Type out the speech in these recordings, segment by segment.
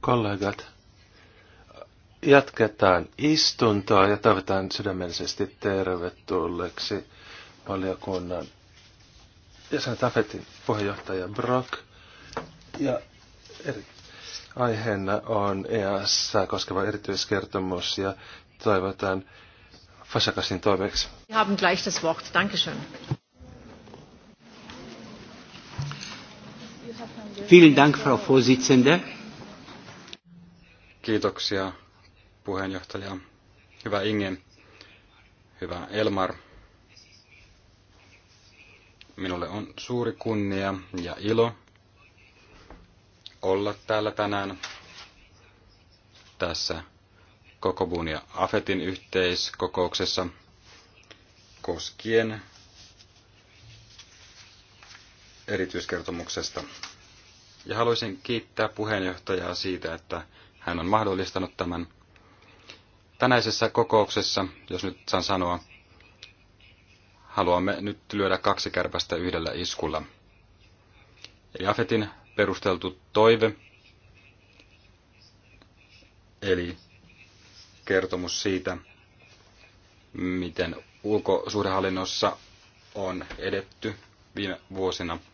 Kollegat, jatketaan istuntoa ja toivotan sydämellisesti tervetulleeksi valiokunnan jäsen Tafetin puheenjohtaja Brock. Ja eri, aiheena on EAS koskeva erityiskertomus ja toivotan Fasakasin toimeksi. Wir haben gleich das Wort. Dankeschön. Vielen Dank, Frau Vorsitzende. Kiitoksia puheenjohtaja. Hyvä Inge. Hyvä Elmar. Minulle on suuri kunnia ja ilo olla täällä tänään tässä Kokobun ja Afetin yhteiskokouksessa koskien erityiskertomuksesta ja haluaisin kiittää puheenjohtajaa siitä, että hän on mahdollistanut tämän tänäisessä kokouksessa, jos nyt saan sanoa. Haluamme nyt lyödä kaksi kärpästä yhdellä iskulla. Eli Afetin perusteltu toive, eli kertomus siitä, miten ulkosuhdehallinnossa on edetty viime vuosina –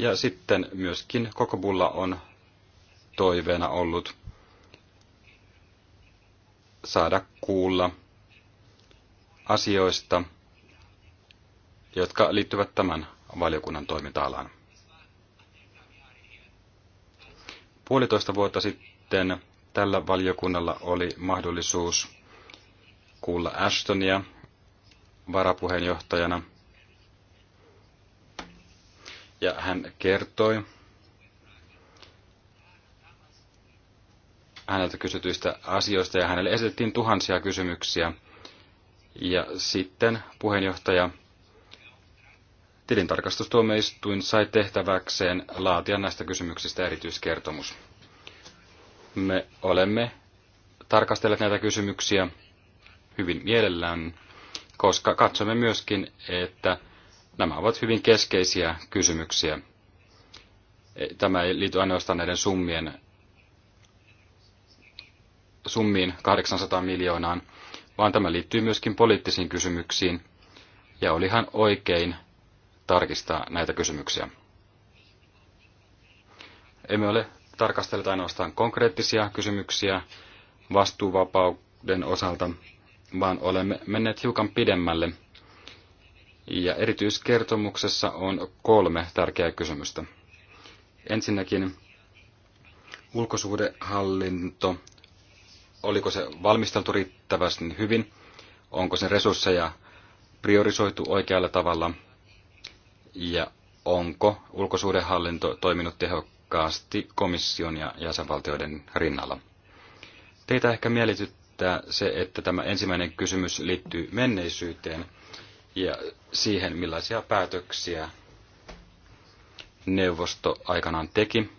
ja sitten myöskin koko bulla on toiveena ollut saada kuulla asioista, jotka liittyvät tämän valiokunnan toiminta-alaan. Puolitoista vuotta sitten tällä valiokunnalla oli mahdollisuus kuulla Ashtonia varapuheenjohtajana ja hän kertoi häneltä kysytyistä asioista ja hänelle esitettiin tuhansia kysymyksiä. Ja sitten puheenjohtaja tilintarkastustuomioistuin sai tehtäväkseen laatia näistä kysymyksistä erityiskertomus. Me olemme tarkastelleet näitä kysymyksiä hyvin mielellään, koska katsomme myöskin, että Nämä ovat hyvin keskeisiä kysymyksiä. Tämä ei liity ainoastaan näiden summien summiin 800 miljoonaan, vaan tämä liittyy myöskin poliittisiin kysymyksiin, ja olihan oikein tarkistaa näitä kysymyksiä. Emme ole tarkastelleet ainoastaan konkreettisia kysymyksiä vastuuvapauden osalta, vaan olemme menneet hiukan pidemmälle ja erityiskertomuksessa on kolme tärkeää kysymystä. Ensinnäkin ulkosuhdehallinto, oliko se valmisteltu riittävästi hyvin, onko sen resursseja priorisoitu oikealla tavalla ja onko ulkosuhdehallinto toiminut tehokkaasti komission ja jäsenvaltioiden rinnalla. Teitä ehkä mielityttää se, että tämä ensimmäinen kysymys liittyy menneisyyteen – ja siihen, millaisia päätöksiä neuvosto aikanaan teki.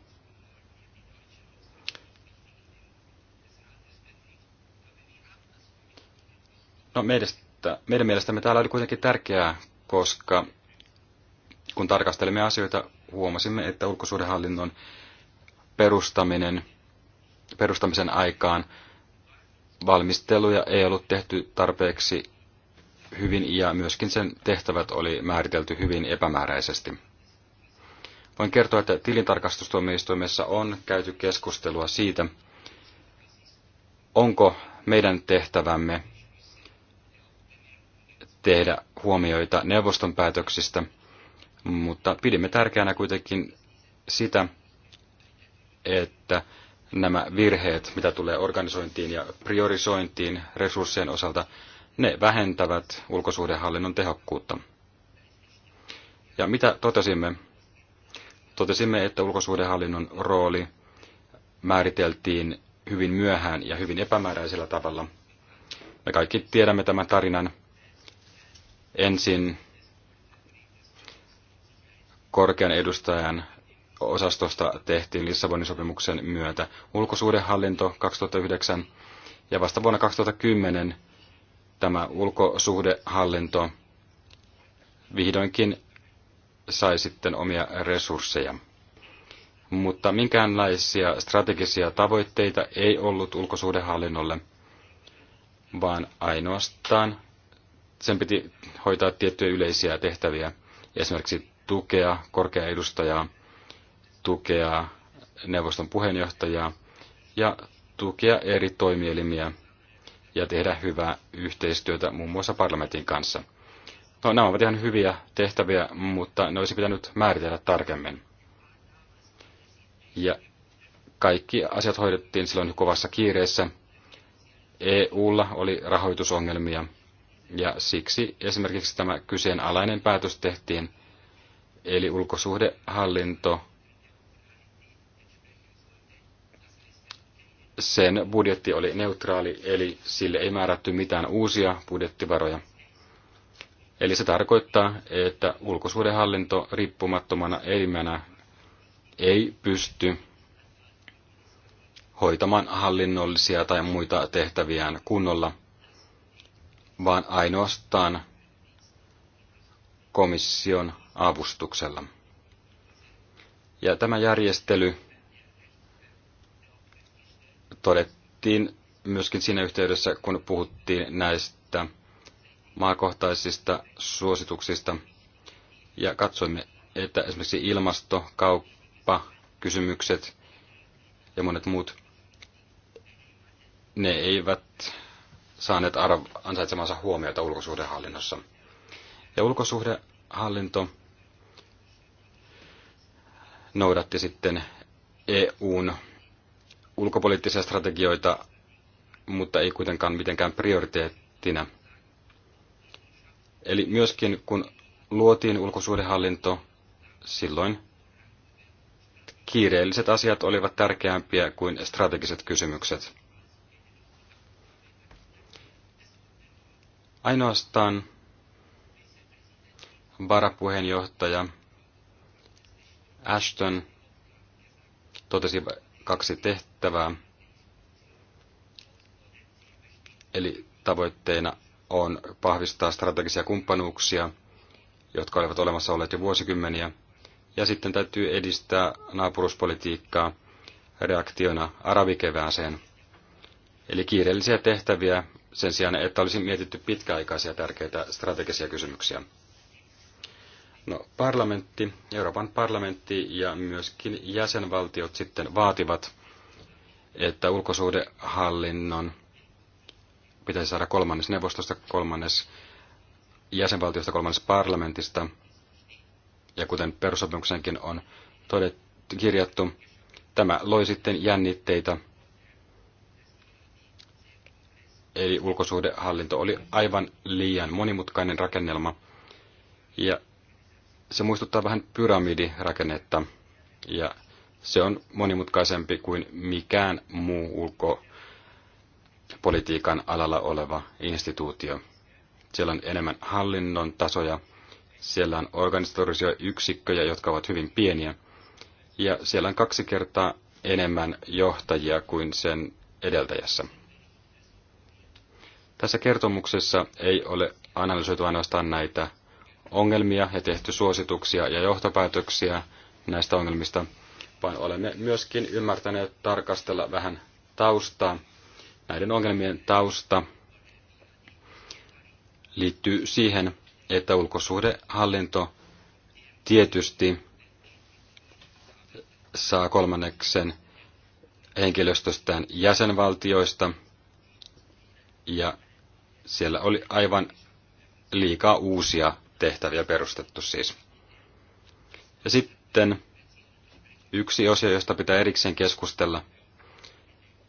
No meidästä, meidän mielestämme täällä oli kuitenkin tärkeää, koska kun tarkastelimme asioita, huomasimme, että ulkosuhdehallinnon perustaminen, perustamisen aikaan valmisteluja ei ollut tehty tarpeeksi hyvin ja myöskin sen tehtävät oli määritelty hyvin epämääräisesti. Voin kertoa, että tilintarkastustuomioistuimessa on käyty keskustelua siitä, onko meidän tehtävämme tehdä huomioita neuvoston päätöksistä, mutta pidimme tärkeänä kuitenkin sitä, että nämä virheet, mitä tulee organisointiin ja priorisointiin resurssien osalta, ne vähentävät ulkosuhdehallinnon tehokkuutta. Ja mitä totesimme? Totesimme, että ulkosuhdehallinnon rooli määriteltiin hyvin myöhään ja hyvin epämääräisellä tavalla. Me kaikki tiedämme tämän tarinan. Ensin korkean edustajan osastosta tehtiin Lissabonin sopimuksen myötä ulkosuhdehallinto 2009 ja vasta vuonna 2010 tämä ulkosuhdehallinto vihdoinkin sai sitten omia resursseja. Mutta minkäänlaisia strategisia tavoitteita ei ollut ulkosuhdehallinnolle, vaan ainoastaan sen piti hoitaa tiettyjä yleisiä tehtäviä, esimerkiksi tukea korkea edustajaa, tukea neuvoston puheenjohtajaa ja tukea eri toimielimiä ja tehdä hyvää yhteistyötä muun muassa parlamentin kanssa. No, nämä ovat ihan hyviä tehtäviä, mutta ne olisi pitänyt määritellä tarkemmin. Ja kaikki asiat hoidettiin silloin kovassa kiireessä. EUlla oli rahoitusongelmia, ja siksi esimerkiksi tämä kyseenalainen päätös tehtiin, eli ulkosuhdehallinto sen budjetti oli neutraali, eli sille ei määrätty mitään uusia budjettivaroja. Eli se tarkoittaa, että ulkosuhdehallinto riippumattomana elimenä ei pysty hoitamaan hallinnollisia tai muita tehtäviään kunnolla, vaan ainoastaan komission avustuksella. Ja tämä järjestely todettiin myöskin siinä yhteydessä, kun puhuttiin näistä maakohtaisista suosituksista ja katsoimme, että esimerkiksi ilmasto, kauppa, kysymykset ja monet muut, ne eivät saaneet arv- ansaitsemansa huomiota ulkosuhdehallinnossa. Ja ulkosuhdehallinto noudatti sitten EUn ulkopoliittisia strategioita, mutta ei kuitenkaan mitenkään prioriteettina. Eli myöskin kun luotiin ulkosuhdehallinto, silloin kiireelliset asiat olivat tärkeämpiä kuin strategiset kysymykset. Ainoastaan varapuheenjohtaja Ashton totesi kaksi tehtävää merkittävää. Eli tavoitteena on vahvistaa strategisia kumppanuuksia, jotka olivat olemassa olleet jo vuosikymmeniä, ja sitten täytyy edistää naapuruspolitiikkaa reaktiona arabikevääseen. Eli kiireellisiä tehtäviä sen sijaan, että olisi mietitty pitkäaikaisia tärkeitä strategisia kysymyksiä. No, parlamentti, Euroopan parlamentti ja myöskin jäsenvaltiot sitten vaativat, että ulkosuhdehallinnon pitäisi saada kolmannes neuvostosta, kolmannes jäsenvaltiosta, kolmannes parlamentista. Ja kuten perussopimuksenkin on todettu, kirjattu, tämä loi sitten jännitteitä. Eli ulkosuhdehallinto oli aivan liian monimutkainen rakennelma. Ja se muistuttaa vähän pyramidirakennetta. Ja se on monimutkaisempi kuin mikään muu ulkopolitiikan alalla oleva instituutio. Siellä on enemmän hallinnon tasoja, siellä on organisatorisia yksikköjä, jotka ovat hyvin pieniä, ja siellä on kaksi kertaa enemmän johtajia kuin sen edeltäjässä. Tässä kertomuksessa ei ole analysoitu ainoastaan näitä ongelmia ja tehty suosituksia ja johtopäätöksiä näistä ongelmista, vaan olemme myöskin ymmärtäneet tarkastella vähän taustaa. Näiden ongelmien tausta liittyy siihen, että ulkosuhdehallinto tietysti saa kolmanneksen henkilöstöstään jäsenvaltioista, ja siellä oli aivan liikaa uusia tehtäviä perustettu siis. Ja sitten yksi osio, josta pitää erikseen keskustella.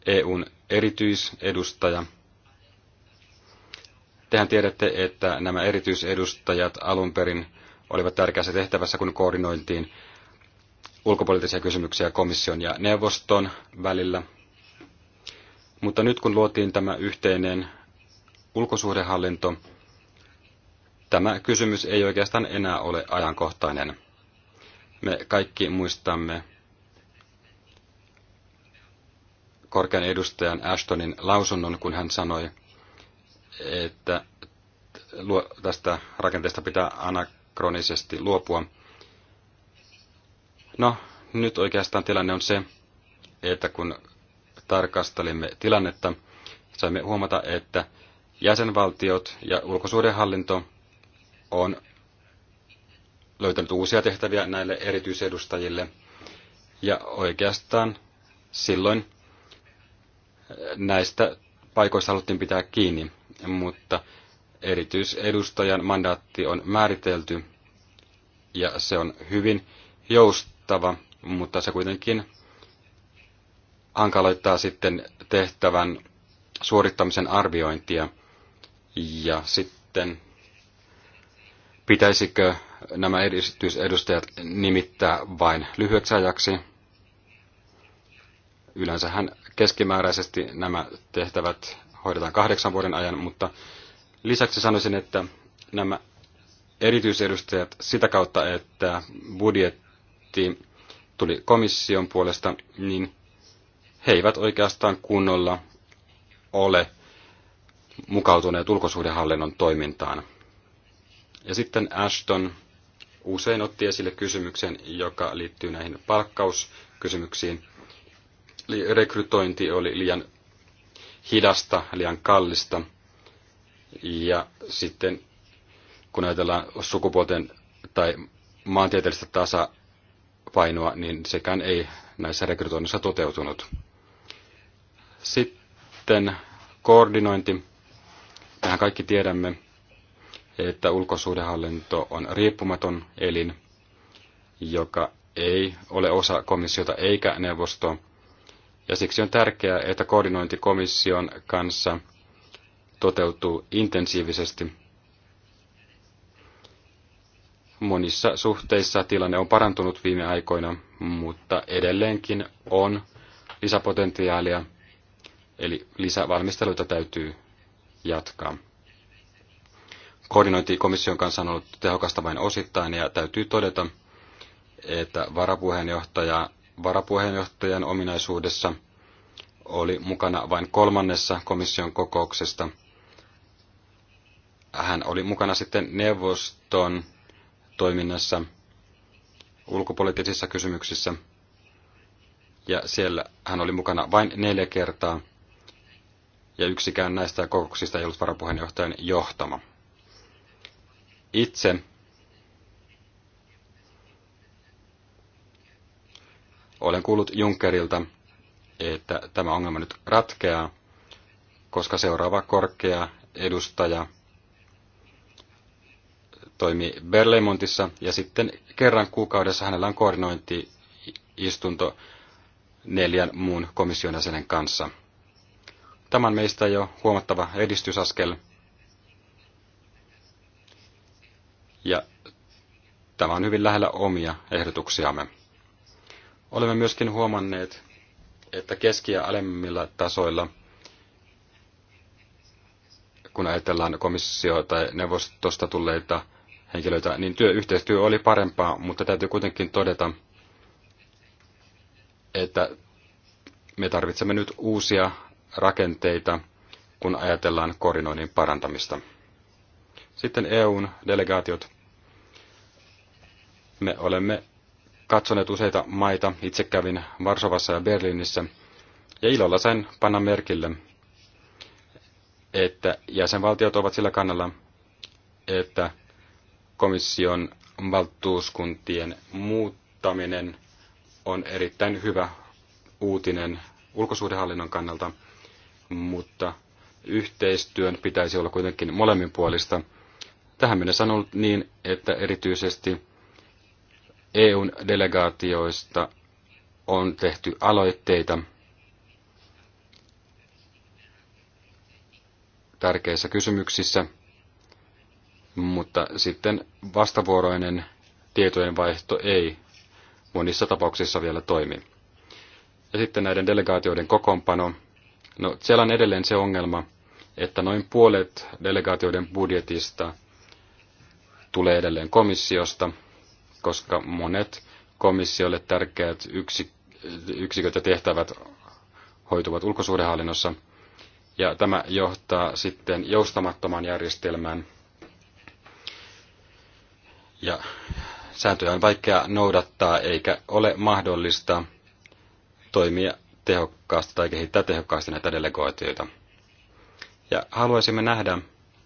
EUn erityisedustaja. Tehän tiedätte, että nämä erityisedustajat alun perin olivat tärkeässä tehtävässä, kun koordinointiin ulkopoliittisia kysymyksiä komission ja neuvoston välillä. Mutta nyt kun luotiin tämä yhteinen ulkosuhdehallinto, tämä kysymys ei oikeastaan enää ole ajankohtainen. Me kaikki muistamme korkean edustajan Ashtonin lausunnon, kun hän sanoi, että tästä rakenteesta pitää anakronisesti luopua. No, nyt oikeastaan tilanne on se, että kun tarkastelimme tilannetta, saimme huomata, että jäsenvaltiot ja ulkosuhdehallinto on löytänyt uusia tehtäviä näille erityisedustajille. Ja oikeastaan silloin näistä paikoista haluttiin pitää kiinni, mutta erityisedustajan mandaatti on määritelty ja se on hyvin joustava, mutta se kuitenkin hankaloittaa sitten tehtävän suorittamisen arviointia ja sitten pitäisikö nämä erityisedustajat nimittää vain lyhyeksi ajaksi Yleensähän keskimääräisesti nämä tehtävät hoidetaan kahdeksan vuoden ajan, mutta lisäksi sanoisin, että nämä erityisedustajat sitä kautta, että budjetti tuli komission puolesta, niin he eivät oikeastaan kunnolla ole mukautuneet ulkosuhdehallinnon toimintaan. Ja sitten Ashton usein otti esille kysymyksen, joka liittyy näihin palkkauskysymyksiin rekrytointi oli liian hidasta, liian kallista. Ja sitten kun ajatellaan sukupuolten tai maantieteellistä tasapainoa, niin sekään ei näissä rekrytoinnissa toteutunut. Sitten koordinointi. Mehän kaikki tiedämme, että ulkosuhdehallinto on riippumaton elin, joka ei ole osa komissiota eikä neuvostoa, ja siksi on tärkeää, että koordinointi komission kanssa toteutuu intensiivisesti. Monissa suhteissa tilanne on parantunut viime aikoina, mutta edelleenkin on lisäpotentiaalia, eli lisävalmisteluita täytyy jatkaa. Koordinointi komission kanssa on ollut tehokasta vain osittain ja täytyy todeta, että varapuheenjohtaja varapuheenjohtajan ominaisuudessa oli mukana vain kolmannessa komission kokouksesta. Hän oli mukana sitten neuvoston toiminnassa ulkopoliittisissa kysymyksissä. Ja siellä hän oli mukana vain neljä kertaa. Ja yksikään näistä kokouksista ei ollut varapuheenjohtajan johtama. Itse Olen kuullut Junckerilta, että tämä ongelma nyt ratkeaa, koska seuraava korkea edustaja toimii Berlemontissa ja sitten kerran kuukaudessa hänellä on koordinointiistunto neljän muun komission jäsenen kanssa. Tämä on meistä jo huomattava edistysaskel. Ja tämä on hyvin lähellä omia ehdotuksiamme. Olemme myöskin huomanneet, että keski- ja alemmilla tasoilla, kun ajatellaan komissio- tai neuvostosta tulleita henkilöitä, niin työyhteistyö oli parempaa, mutta täytyy kuitenkin todeta, että me tarvitsemme nyt uusia rakenteita, kun ajatellaan koordinoinnin parantamista. Sitten EUn delegaatiot. Me olemme katsoneet useita maita. Itse kävin Varsovassa ja Berliinissä. Ja ilolla sain panna merkille, että jäsenvaltiot ovat sillä kannalla, että komission valtuuskuntien muuttaminen on erittäin hyvä uutinen ulkosuhdehallinnon kannalta, mutta yhteistyön pitäisi olla kuitenkin molemminpuolista. Tähän mennessä on ollut niin, että erityisesti EUn delegaatioista on tehty aloitteita tärkeissä kysymyksissä, mutta sitten vastavuoroinen tietojenvaihto ei monissa tapauksissa vielä toimi. Ja sitten näiden delegaatioiden kokoonpano. No, siellä on edelleen se ongelma, että noin puolet delegaatioiden budjetista tulee edelleen komissiosta – koska monet komissiolle tärkeät yksiköt ja tehtävät hoituvat ulkosuhdehallinnossa. Ja tämä johtaa sitten joustamattomaan järjestelmään. Ja sääntöjä on vaikea noudattaa eikä ole mahdollista toimia tehokkaasti tai kehittää tehokkaasti näitä delegoituja. Ja haluaisimme nähdä,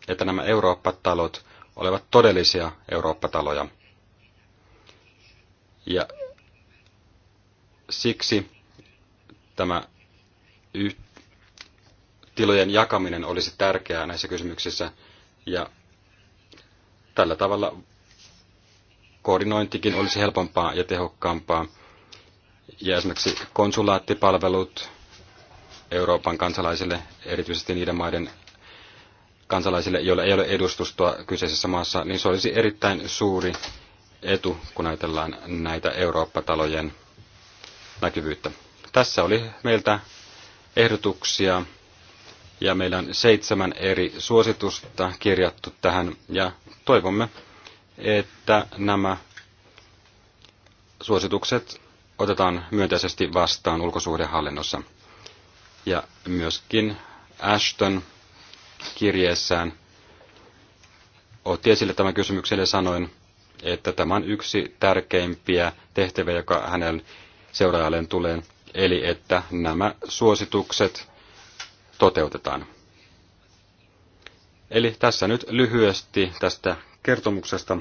että nämä Eurooppa-talot olevat todellisia Eurooppa-taloja. Ja siksi tämä yh- tilojen jakaminen olisi tärkeää näissä kysymyksissä ja tällä tavalla koordinointikin olisi helpompaa ja tehokkaampaa. Ja esimerkiksi konsulaattipalvelut Euroopan kansalaisille, erityisesti niiden maiden kansalaisille, joilla ei ole edustustoa kyseisessä maassa, niin se olisi erittäin suuri etu, kun ajatellaan näitä Eurooppa-talojen näkyvyyttä. Tässä oli meiltä ehdotuksia ja meillä on seitsemän eri suositusta kirjattu tähän ja toivomme, että nämä suositukset otetaan myönteisesti vastaan ulkosuhdehallinnossa. Ja myöskin Ashton kirjeessään otti esille tämän kysymyksen ja sanoin, että tämä on yksi tärkeimpiä tehtäviä, joka hänen seuraajalleen tulee, eli että nämä suositukset toteutetaan. Eli tässä nyt lyhyesti tästä kertomuksesta.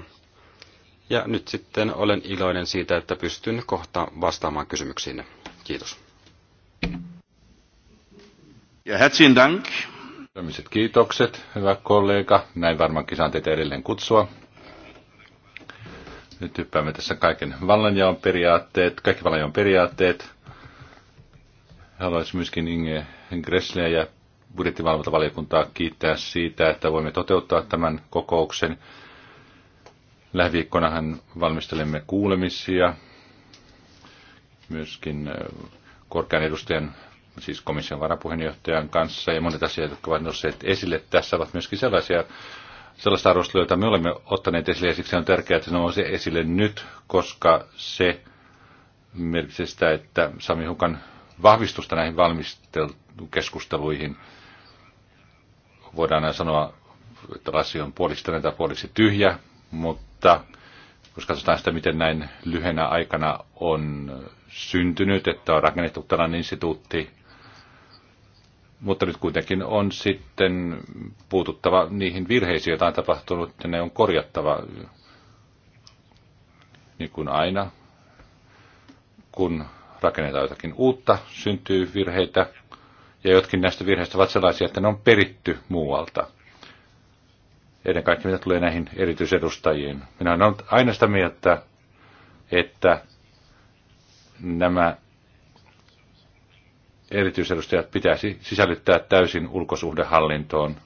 Ja nyt sitten olen iloinen siitä, että pystyn kohta vastaamaan kysymyksiin. Kiitos. Ja herzlichen dank. Kiitokset, hyvä kollega. Näin varmaankin saan teitä edelleen kutsua. Nyt hyppäämme tässä kaiken vallanjaon periaatteet, kaikki vallanjaon periaatteet. Haluaisin myöskin Inge Gressleä ja budjettivalvontavaliokuntaa kiittää siitä, että voimme toteuttaa tämän kokouksen. Lähiviikkonahan valmistelemme kuulemisia, myöskin korkean edustajan, siis komission varapuheenjohtajan kanssa, ja monet asiat, jotka ovat nousseet esille tässä, ovat myöskin sellaisia, sellaista arvostelua, jota me olemme ottaneet esille, ja siksi on tärkeää, että se on esille nyt, koska se merkitsee sitä, että Sami Hukan vahvistusta näihin valmistelukeskusteluihin voidaan sanoa, että lasi on puoliksi tänne tai puoliksi tyhjä, mutta jos katsotaan sitä, miten näin lyhyenä aikana on syntynyt, että on rakennettu tällainen instituutti, mutta nyt kuitenkin on sitten puututtava niihin virheisiin, joita on tapahtunut, ja ne on korjattava niin kuin aina. Kun rakennetaan jotakin uutta, syntyy virheitä, ja jotkin näistä virheistä ovat sellaisia, että ne on peritty muualta. Eden kaikki, mitä tulee näihin erityisedustajiin. Minä olen aina sitä mieltä, että nämä erityisedustajat pitäisi sisällyttää täysin ulkosuhdehallintoon,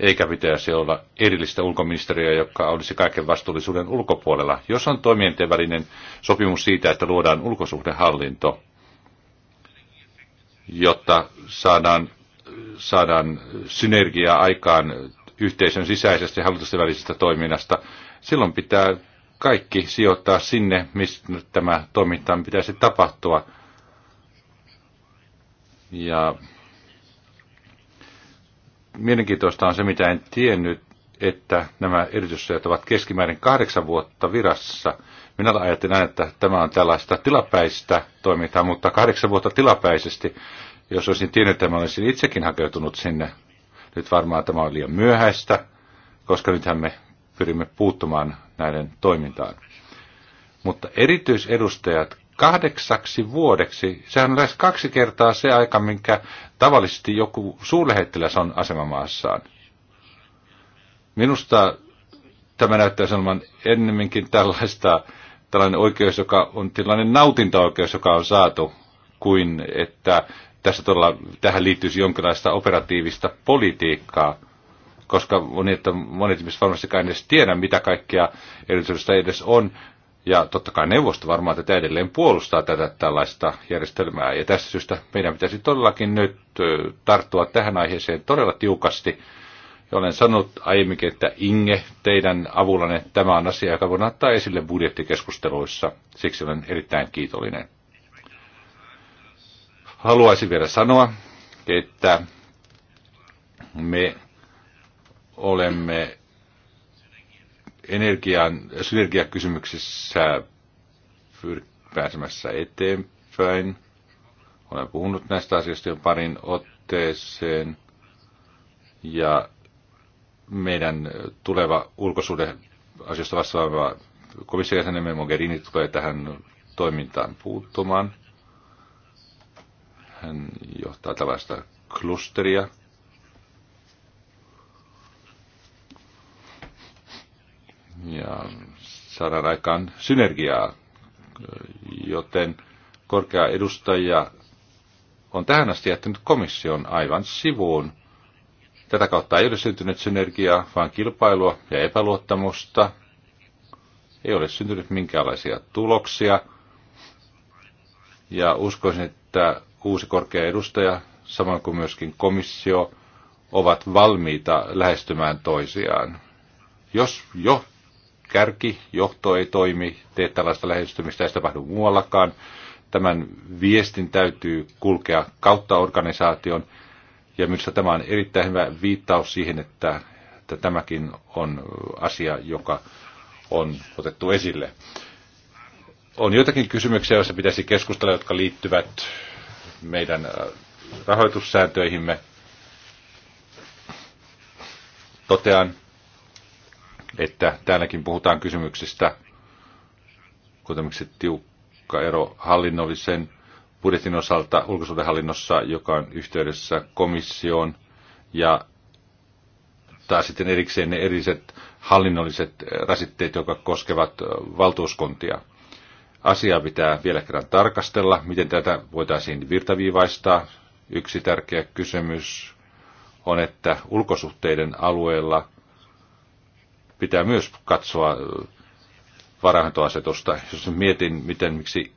eikä pitäisi olla erillistä ulkoministeriöä, joka olisi kaiken vastuullisuuden ulkopuolella. Jos on toimijoiden välinen sopimus siitä, että luodaan ulkosuhdehallinto, jotta saadaan, saadaan synergiaa aikaan yhteisön sisäisestä ja hallitusten välisestä toiminnasta, silloin pitää kaikki sijoittaa sinne, mistä tämä toiminta pitäisi tapahtua – ja mielenkiintoista on se, mitä en tiennyt, että nämä erityissuojat ovat keskimäärin kahdeksan vuotta virassa. Minä ajattelin aina, että tämä on tällaista tilapäistä toimintaa, mutta kahdeksan vuotta tilapäisesti, jos olisin tiennyt, että mä olisin itsekin hakeutunut sinne. Nyt varmaan tämä on liian myöhäistä, koska nythän me pyrimme puuttumaan näiden toimintaan. Mutta erityisedustajat kahdeksaksi vuodeksi. Sehän on lähes kaksi kertaa se aika, minkä tavallisesti joku suurlähettiläs on asemamaassaan. Minusta tämä näyttää sanomaan ennemminkin tällaista, tällainen oikeus, joka on tällainen nautintaoikeus, joka on saatu, kuin että tässä todella, tähän liittyisi jonkinlaista operatiivista politiikkaa, koska on niin, että monet ihmiset varmastikaan edes tiedä, mitä kaikkea erityisyydestä edes on, ja totta kai neuvosto varmaan tätä edelleen puolustaa tätä tällaista järjestelmää. Ja tästä syystä meidän pitäisi todellakin nyt tarttua tähän aiheeseen todella tiukasti. Ja olen sanonut aiemminkin, että Inge, teidän avullanne tämä on asia, joka voidaan ottaa esille budjettikeskusteluissa. Siksi olen erittäin kiitollinen. Haluaisin vielä sanoa, että me olemme energian, synergiakysymyksissä pääsemässä eteenpäin. Olen puhunut näistä asioista jo parin otteeseen. Ja meidän tuleva ulkosuuden asioista vastaava komission jäsenemme Mogherini tulee tähän toimintaan puuttumaan. Hän johtaa tällaista klusteria, ja saadaan aikaan synergiaa, joten korkea edustaja on tähän asti jättänyt komission aivan sivuun. Tätä kautta ei ole syntynyt synergiaa, vaan kilpailua ja epäluottamusta. Ei ole syntynyt minkäänlaisia tuloksia. Ja uskoisin, että uusi korkea edustaja, samoin kuin myöskin komissio, ovat valmiita lähestymään toisiaan. Jos jo kärki, johto ei toimi, tee tällaista lähestymistä, ei tapahdu muuallakaan. Tämän viestin täytyy kulkea kautta organisaation, ja minusta tämä on erittäin hyvä viittaus siihen, että, että tämäkin on asia, joka on otettu esille. On joitakin kysymyksiä, joissa pitäisi keskustella, jotka liittyvät meidän äh, rahoitussääntöihimme. Totean, että täälläkin puhutaan kysymyksistä, kuten tiukka ero hallinnollisen budjetin osalta ulkosuhdehallinnossa, joka on yhteydessä komissioon, ja tai sitten erikseen ne eriset hallinnolliset rasitteet, jotka koskevat valtuuskuntia. Asiaa pitää vielä kerran tarkastella, miten tätä voitaisiin virtaviivaistaa. Yksi tärkeä kysymys on, että ulkosuhteiden alueella pitää myös katsoa varainhoitoasetusta. Jos mietin, miten miksi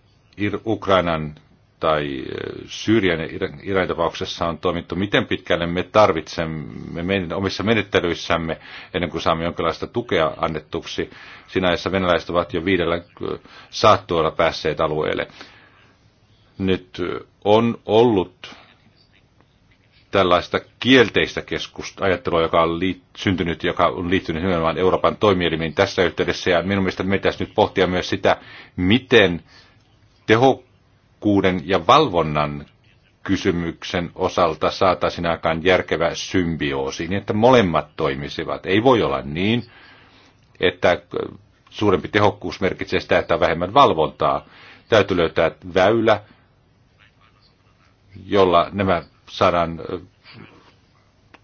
Ukrainan tai e, Syyrian ja tapauksessa on toimittu, miten pitkälle me tarvitsemme omissa menettelyissämme ennen kuin saamme jonkinlaista tukea annettuksi. sinä ajassa venäläiset ovat jo viidellä e, saattuilla päässeet alueelle. Nyt e, on ollut tällaista kielteistä keskusta, ajattelua, joka on liit, syntynyt, joka on liittynyt nimenomaan Euroopan toimielimiin tässä yhteydessä. Ja minun mielestä me pitäisi nyt pohtia myös sitä, miten tehokkuuden ja valvonnan kysymyksen osalta saataisiin aikaan järkevä symbioosi, niin että molemmat toimisivat. Ei voi olla niin, että suurempi tehokkuus merkitsee sitä, että on vähemmän valvontaa. Täytyy löytää väylä, jolla nämä saadaan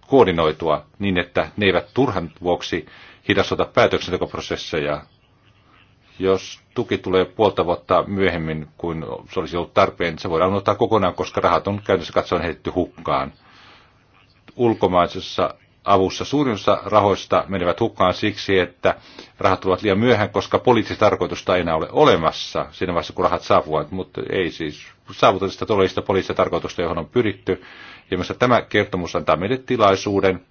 koordinoitua niin, että ne eivät turhan vuoksi hidastota päätöksentekoprosesseja. Jos tuki tulee puolta vuotta myöhemmin kuin se olisi ollut tarpeen, se voidaan ottaa kokonaan, koska rahat on käytössä katsoen heitetty hukkaan. Ulkomaisessa avussa. Suurin osa rahoista menevät hukkaan siksi, että rahat tulevat liian myöhään, koska poliittista tarkoitusta ei enää ole olemassa siinä vaiheessa, kun rahat saapuvat, mutta ei siis saavuta sitä todellista poliittista tarkoitusta, johon on pyritty. Ja myös tämä kertomus antaa meille tilaisuuden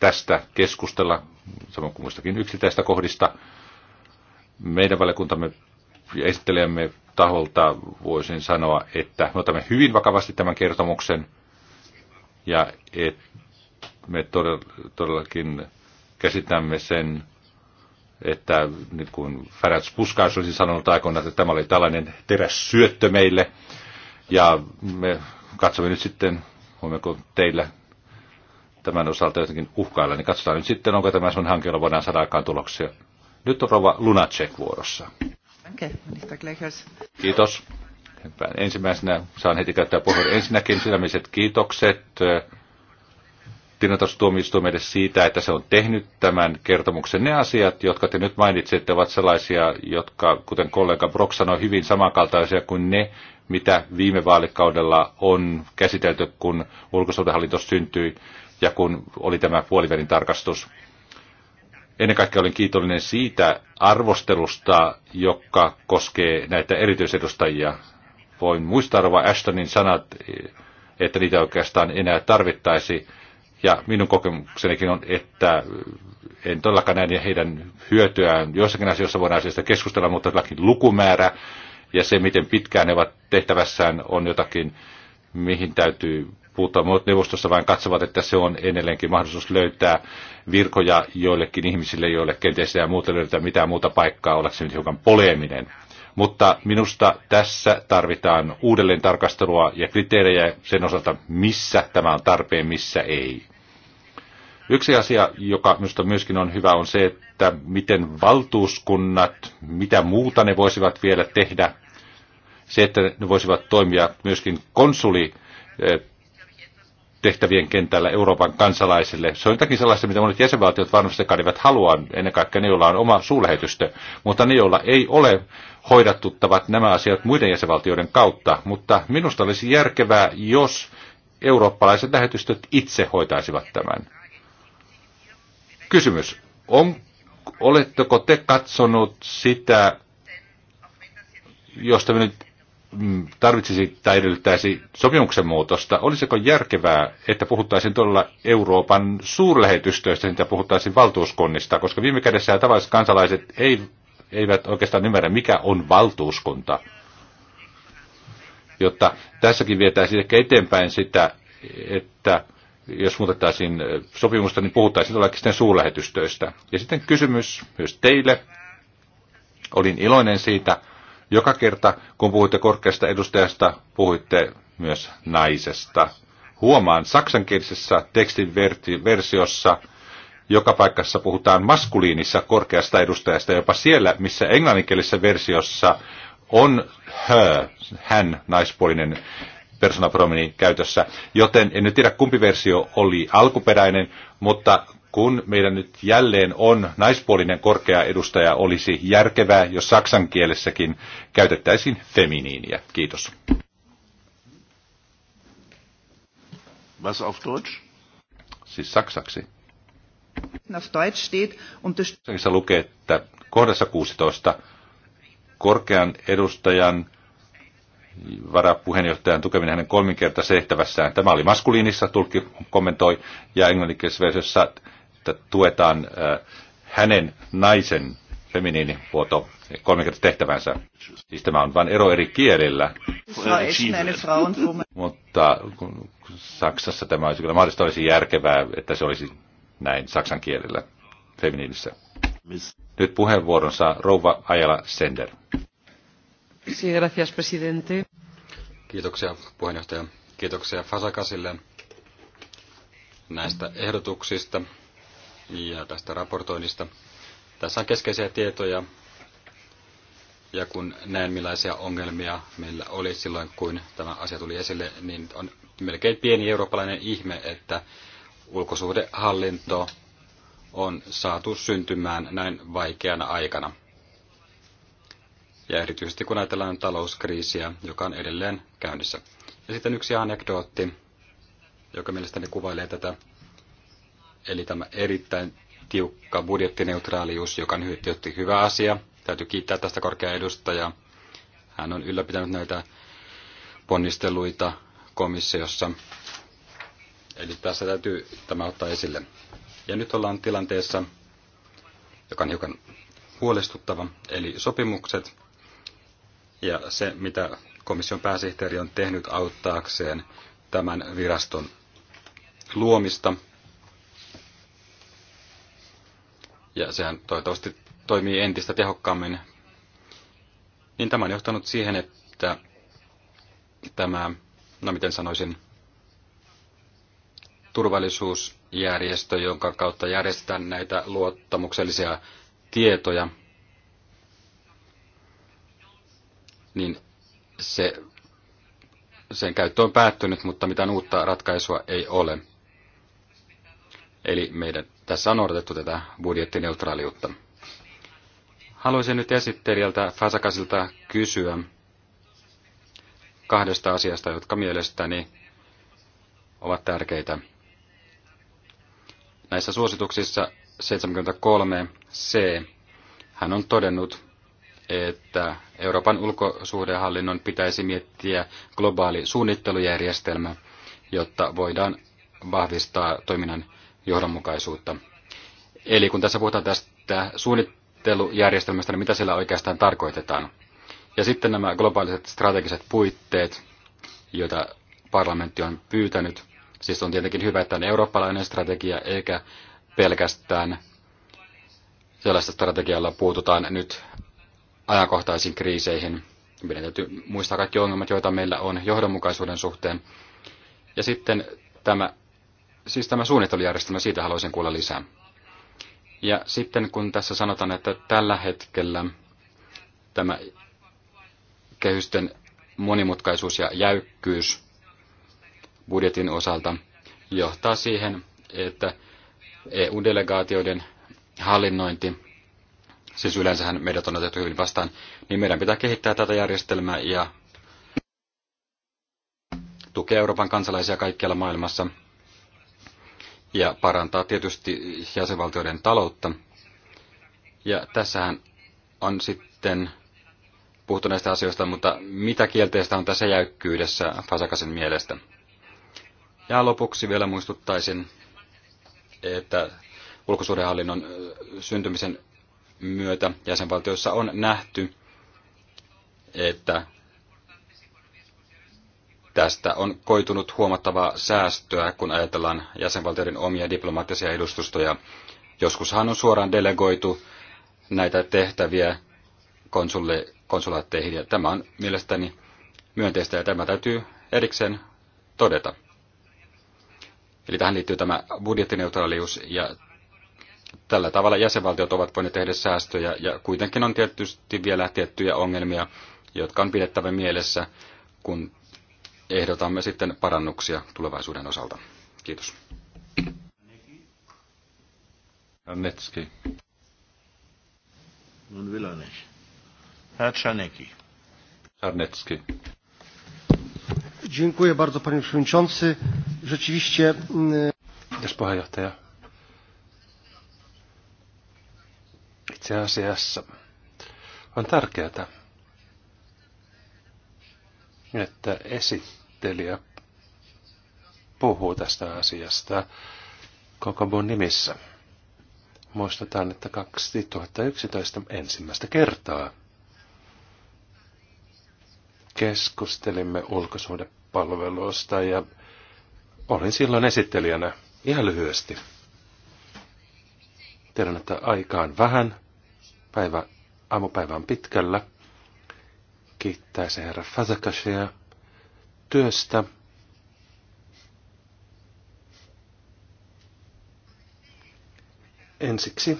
tästä keskustella, samoin kuin muistakin yksittäistä kohdista. Meidän valiokuntamme esittelemme taholta voisin sanoa, että me otamme hyvin vakavasti tämän kertomuksen ja että me todellakin käsitämme sen, että niin kuin Ferenc Puskas olisi sanonut aikoinaan, että tämä oli tällainen terässyöttö meille. Ja me katsomme nyt sitten, voimmeko teillä tämän osalta jotenkin uhkailla, niin katsotaan nyt sitten, onko tämä sellainen hanke, jolla voidaan saada aikaan tuloksia. Nyt on rova Lunacek vuorossa. Kiitos. Ensimmäisenä saan heti käyttää puheenvuoron. Ensinnäkin sydämiset kiitokset tilintarkastustuomioistuin edes siitä, että se on tehnyt tämän kertomuksen. Ne asiat, jotka te nyt mainitsette, ovat sellaisia, jotka, kuten kollega Brock sanoi, hyvin samankaltaisia kuin ne, mitä viime vaalikaudella on käsitelty, kun ulkosuhdehallinto syntyi ja kun oli tämä puolivälin tarkastus. Ennen kaikkea olen kiitollinen siitä arvostelusta, joka koskee näitä erityisedustajia. Voin muistaa Rova Ashtonin sanat, että niitä oikeastaan enää tarvittaisi ja minun kokemuksenikin on, että en todellakaan näe heidän hyötyään. Joissakin asioissa voidaan asiasta keskustella, mutta todellakin lukumäärä ja se, miten pitkään ne ovat tehtävässään, on jotakin, mihin täytyy puuttua. Muut neuvostossa vain katsovat, että se on edelleenkin mahdollisuus löytää virkoja joillekin ihmisille, joille kenties ja muuta löytää mitään muuta paikkaa, nyt hiukan poleeminen. Mutta minusta tässä tarvitaan uudelleen tarkastelua ja kriteerejä sen osalta, missä tämä on tarpeen, missä ei. Yksi asia, joka minusta myöskin on hyvä, on se, että miten valtuuskunnat, mitä muuta ne voisivat vielä tehdä. Se, että ne voisivat toimia myöskin konsuli eh, tehtävien kentällä Euroopan kansalaisille. Se on jotakin sellaista, mitä monet jäsenvaltiot varmastikaan eivät halua, ennen kaikkea ne, joilla on oma suulähetystö, mutta ne, joilla ei ole hoidattuttavat nämä asiat muiden jäsenvaltioiden kautta. Mutta minusta olisi järkevää, jos eurooppalaiset lähetystöt itse hoitaisivat tämän. Kysymys, on, oletteko te katsonut sitä, josta me nyt mm, tarvitsisi tai edellyttäisi sopimuksen muutosta, olisiko järkevää, että puhuttaisiin tuolla Euroopan suurlähetystöistä, että puhuttaisiin valtuuskunnista, koska viime kädessä tavalliset kansalaiset ei, eivät oikeastaan ymmärrä, mikä on valtuuskunta. Jotta tässäkin vietäisiin ehkä eteenpäin sitä, että jos muutettaisiin sopimusta, niin puhuttaisiin todellakin sitten suurlähetystöistä. Ja sitten kysymys myös teille. Olin iloinen siitä, joka kerta kun puhuitte korkeasta edustajasta, puhuitte myös naisesta. Huomaan saksankielisessä tekstin versiossa joka paikassa puhutaan maskuliinissa korkeasta edustajasta, jopa siellä, missä englanninkielisessä versiossa on her, hän, naispuolinen Persona Prominin käytössä. Joten en nyt tiedä kumpi versio oli alkuperäinen, mutta kun meidän nyt jälleen on naispuolinen korkea edustaja, olisi järkevää, jos saksan kielessäkin käytettäisiin feminiiniä. Kiitos. Was auf Deutsch? Siis saksaksi. Auf Deutsch steht lukee, että kohdassa 16 korkean edustajan varapuheenjohtajan tukeminen hänen kolminkertaisessa tehtävässään. Tämä oli maskuliinissa, tulkki kommentoi, ja englanninkielisessä versiossa tuetaan äh, hänen naisen feminiinivuoto kolminkertaisessa tehtävänsä. Siis tämä on vain ero eri kielillä. Mutta Saksassa tämä olisi kyllä mahdollista olisi järkevää, että se olisi näin saksan kielellä feminiinissä. Nyt puheenvuoronsa rouva Ajala Sender. Kiitoksia puheenjohtaja. Kiitoksia Fasakasille näistä ehdotuksista ja tästä raportoinnista. Tässä on keskeisiä tietoja ja kun näen millaisia ongelmia meillä oli silloin, kun tämä asia tuli esille, niin on melkein pieni eurooppalainen ihme, että ulkosuhdehallinto on saatu syntymään näin vaikeana aikana ja erityisesti kun ajatellaan talouskriisiä, joka on edelleen käynnissä. Ja sitten yksi anekdootti, joka mielestäni kuvailee tätä, eli tämä erittäin tiukka budjettineutraalius, joka on tietysti hyvä asia. Täytyy kiittää tästä korkea edustajaa. Hän on ylläpitänyt näitä ponnisteluita komissiossa. Eli tässä täytyy tämä ottaa esille. Ja nyt ollaan tilanteessa, joka on hiukan huolestuttava, eli sopimukset ja se, mitä komission pääsihteeri on tehnyt auttaakseen tämän viraston luomista. Ja sehän toivottavasti toimii entistä tehokkaammin. Niin tämä on johtanut siihen, että tämä, no miten sanoisin, turvallisuusjärjestö, jonka kautta järjestetään näitä luottamuksellisia tietoja, niin se, sen käyttö on päättynyt, mutta mitään uutta ratkaisua ei ole. Eli meidän, tässä on odotettu tätä budjettineutraaliutta. Haluaisin nyt esittelijältä Fasakasilta kysyä kahdesta asiasta, jotka mielestäni ovat tärkeitä. Näissä suosituksissa 73c hän on todennut, että Euroopan ulkosuhdehallinnon pitäisi miettiä globaali suunnittelujärjestelmä, jotta voidaan vahvistaa toiminnan johdonmukaisuutta. Eli kun tässä puhutaan tästä suunnittelujärjestelmästä, niin mitä sillä oikeastaan tarkoitetaan? Ja sitten nämä globaaliset strategiset puitteet, joita parlamentti on pyytänyt. Siis on tietenkin hyvä, että on eurooppalainen strategia, eikä pelkästään sellaista strategialla puututaan nyt ajankohtaisiin kriiseihin. Meidän täytyy muistaa kaikki ongelmat, joita meillä on johdonmukaisuuden suhteen. Ja sitten tämä, siis tämä suunnittelujärjestelmä, siitä haluaisin kuulla lisää. Ja sitten kun tässä sanotaan, että tällä hetkellä tämä kehysten monimutkaisuus ja jäykkyys budjetin osalta johtaa siihen, että EU-delegaatioiden hallinnointi siis yleensähän meidät on otettu hyvin vastaan, niin meidän pitää kehittää tätä järjestelmää ja tukea Euroopan kansalaisia kaikkialla maailmassa ja parantaa tietysti jäsenvaltioiden taloutta. Ja tässähän on sitten puhuttu näistä asioista, mutta mitä kielteistä on tässä jäykkyydessä Fasakasin mielestä? Ja lopuksi vielä muistuttaisin, että ulkosuhdehallinnon syntymisen myötä jäsenvaltioissa on nähty, että tästä on koitunut huomattavaa säästöä, kun ajatellaan jäsenvaltioiden omia diplomaattisia edustustoja. Joskushan on suoraan delegoitu näitä tehtäviä konsulle, konsulaatteihin, ja tämä on mielestäni myönteistä, ja tämä täytyy erikseen todeta. Eli tähän liittyy tämä budjettineutraalius, ja Tällä tavalla jäsenvaltiot ovat voineet tehdä säästöjä ja kuitenkin on tietysti vielä tiettyjä ongelmia, jotka on pidettävä mielessä, kun ehdotamme sitten parannuksia tulevaisuuden osalta. Kiitos. Netski. Nun Herr Czarnecki. Dziękuję bardzo panie przewodniczący. Rzeczywiście... Mm, Też Ja. itse asiassa. On tärkeää, että esittelijä puhuu tästä asiasta koko mun nimissä. Muistetaan, että 2011 ensimmäistä kertaa keskustelimme ulkosuhdepalveluista ja olin silloin esittelijänä ihan lyhyesti. Tiedän, että aikaan vähän, päivä, aamupäivä on pitkällä. Kiittää se herra Fazakashia työstä. Ensiksi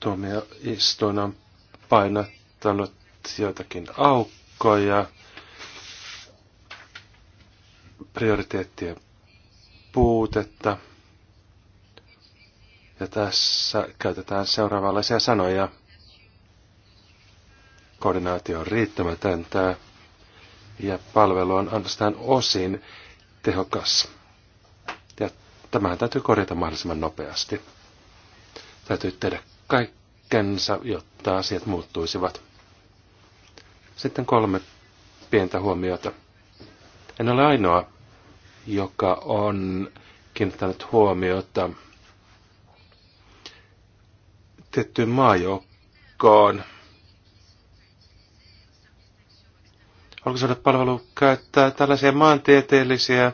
tuomioistuin on painottanut joitakin aukkoja, prioriteettien puutetta – ja tässä käytetään seuraavanlaisia sanoja. Koordinaatio on riittämätöntä ja palvelu on ainoastaan osin tehokas. Ja tämähän täytyy korjata mahdollisimman nopeasti. Täytyy tehdä kaikkensa, jotta asiat muuttuisivat. Sitten kolme pientä huomiota. En ole ainoa, joka on kiinnittänyt huomiota tiettyyn maajoukkoon. palvelu käyttää tällaisia maantieteellisiä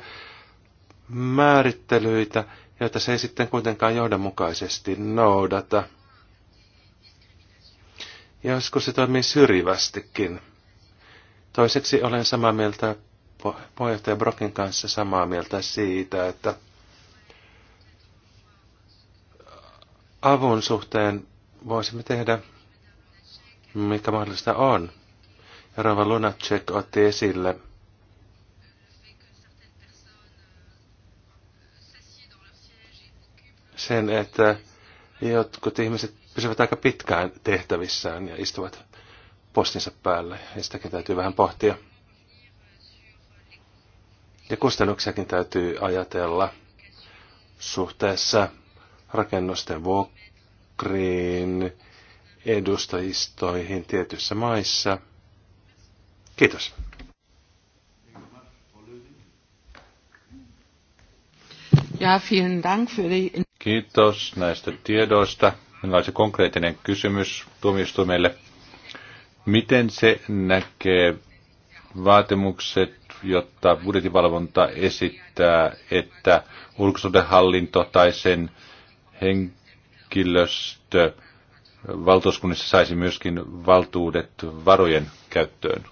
määrittelyitä, joita se ei sitten kuitenkaan johdonmukaisesti noudata. Joskus se toimii syrjivästikin. Toiseksi olen samaa mieltä puheenjohtaja Brokin kanssa samaa mieltä siitä, että avun suhteen voisimme tehdä, mikä mahdollista on. Ja Rova Lunacek otti esille sen, että jotkut ihmiset pysyvät aika pitkään tehtävissään ja istuvat postinsa päälle, ja sitäkin täytyy vähän pohtia. Ja kustannuksiakin täytyy ajatella suhteessa rakennusten vuokriin, edustajistoihin tietyissä maissa. Kiitos. Ja, vielen Dank für die... Kiitos näistä tiedoista. Minulla on se konkreettinen kysymys tuomioistuimelle. Miten se näkee vaatimukset, jotta budjetivalvonta esittää, että ulkosuhdehallinto tai sen henkilöstö valtuuskunnissa saisi myöskin valtuudet varojen käyttöön.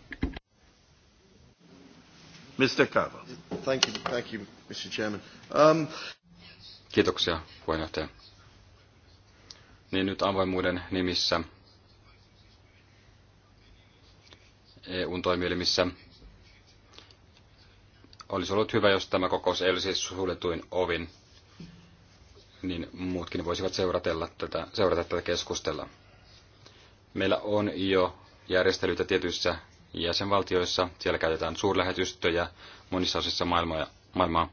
Mr. Carver. Thank you, thank you, Mr. Chairman. Um... Kiitoksia, puheenjohtaja. Niin nyt avoimuuden nimissä EUn toimielimissä olisi ollut hyvä, jos tämä kokous ei olisi suljetuin ovin niin muutkin voisivat seuratella tätä, seurata tätä keskustella. Meillä on jo järjestelyitä tietyissä jäsenvaltioissa. Siellä käytetään suurlähetystöjä monissa osissa maailmaa, maailmaa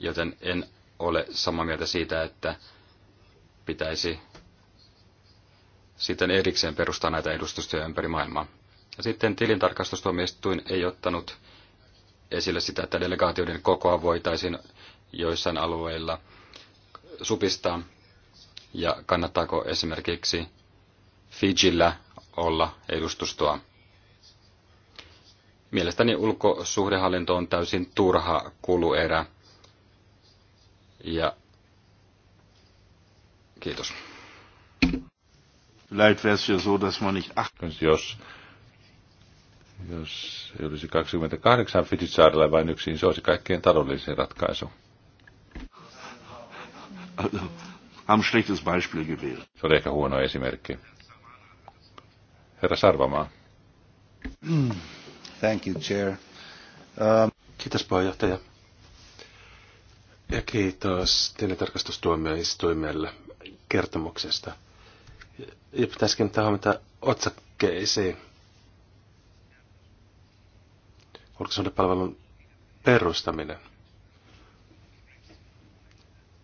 joten en ole samaa mieltä siitä, että pitäisi sitten erikseen perustaa näitä edustustoja ympäri maailmaa. Ja sitten tilintarkastustuomioistuin ei ottanut esille sitä, että delegaatioiden kokoa voitaisiin joissain alueilla – supistaa ja kannattaako esimerkiksi Fijillä olla edustustoa. Mielestäni ulkosuhdehallinto on täysin turha kuluerä. Ja kiitos. Jos, jos ei olisi 28 Fidjitsaarella vain yksin, niin se olisi kaikkein taloudellisin ratkaisu haben schlechtes Beispiel gewählt. Se oli ehkä huono esimerkki. Herra Sarvamaa. Mm. Thank you, Chair. Um... Kiitos puheenjohtaja. Ja kiitos tilintarkastustuomioistuimelle kertomuksesta. Ja pitäisikin tähän huomiota otsakkeisiin. palvelun perustaminen.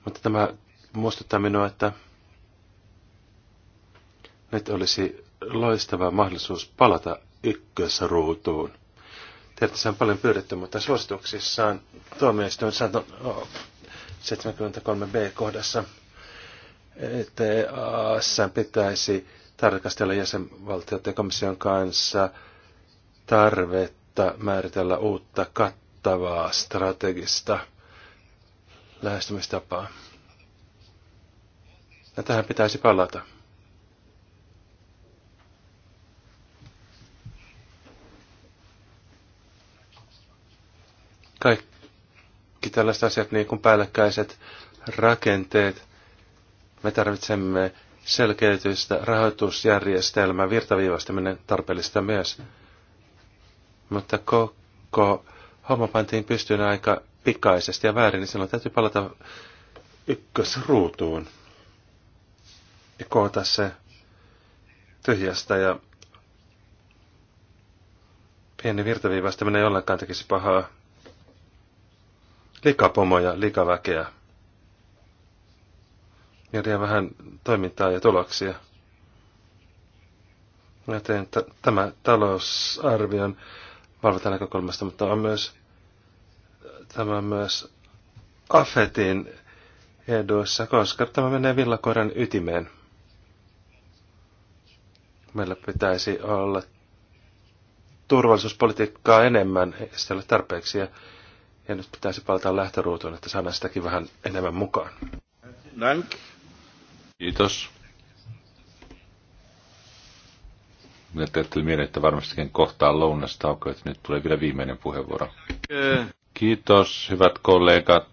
Mutta tämä muistuttaa minua, että nyt olisi loistava mahdollisuus palata ykkösruutuun. Tiedätte, se on paljon pyydetty, mutta suosituksissaan tuomioistuin on saanut 73b-kohdassa, että ASN pitäisi tarkastella jäsenvaltioiden ja komission kanssa tarvetta määritellä uutta kattavaa strategista lähestymistapaa. Ja tähän pitäisi palata. Kaikki tällaiset asiat, niin kuin päällekkäiset rakenteet, me tarvitsemme selkeytystä, rahoitusjärjestelmää, virtaviivastaminen tarpeellista myös. Mutta koko homma pantiin pystyyn aika pikaisesti ja väärin, niin silloin täytyy palata ykkösruutuun koota se tyhjästä ja pieni virtaviivastaminen ei ollenkaan tekisi pahaa. Likapomoja, likaväkeä. Ja vie vähän toimintaa ja tuloksia. Joten t- tämä talousarvion valvotaan näkökulmasta, mutta on myös, tämä on myös Afetin eduissa, koska tämä menee villakoiran ytimeen. Meillä pitäisi olla turvallisuuspolitiikkaa enemmän, sitä ole tarpeeksi, ja, ja nyt pitäisi palata lähtöruutuun, että saadaan sitäkin vähän enemmän mukaan. Dank. Kiitos. Minä ajattelin mieleen, että varmastikin kohtaa okay, että nyt tulee vielä viimeinen puheenvuoro. Kiitos, hyvät kollegat.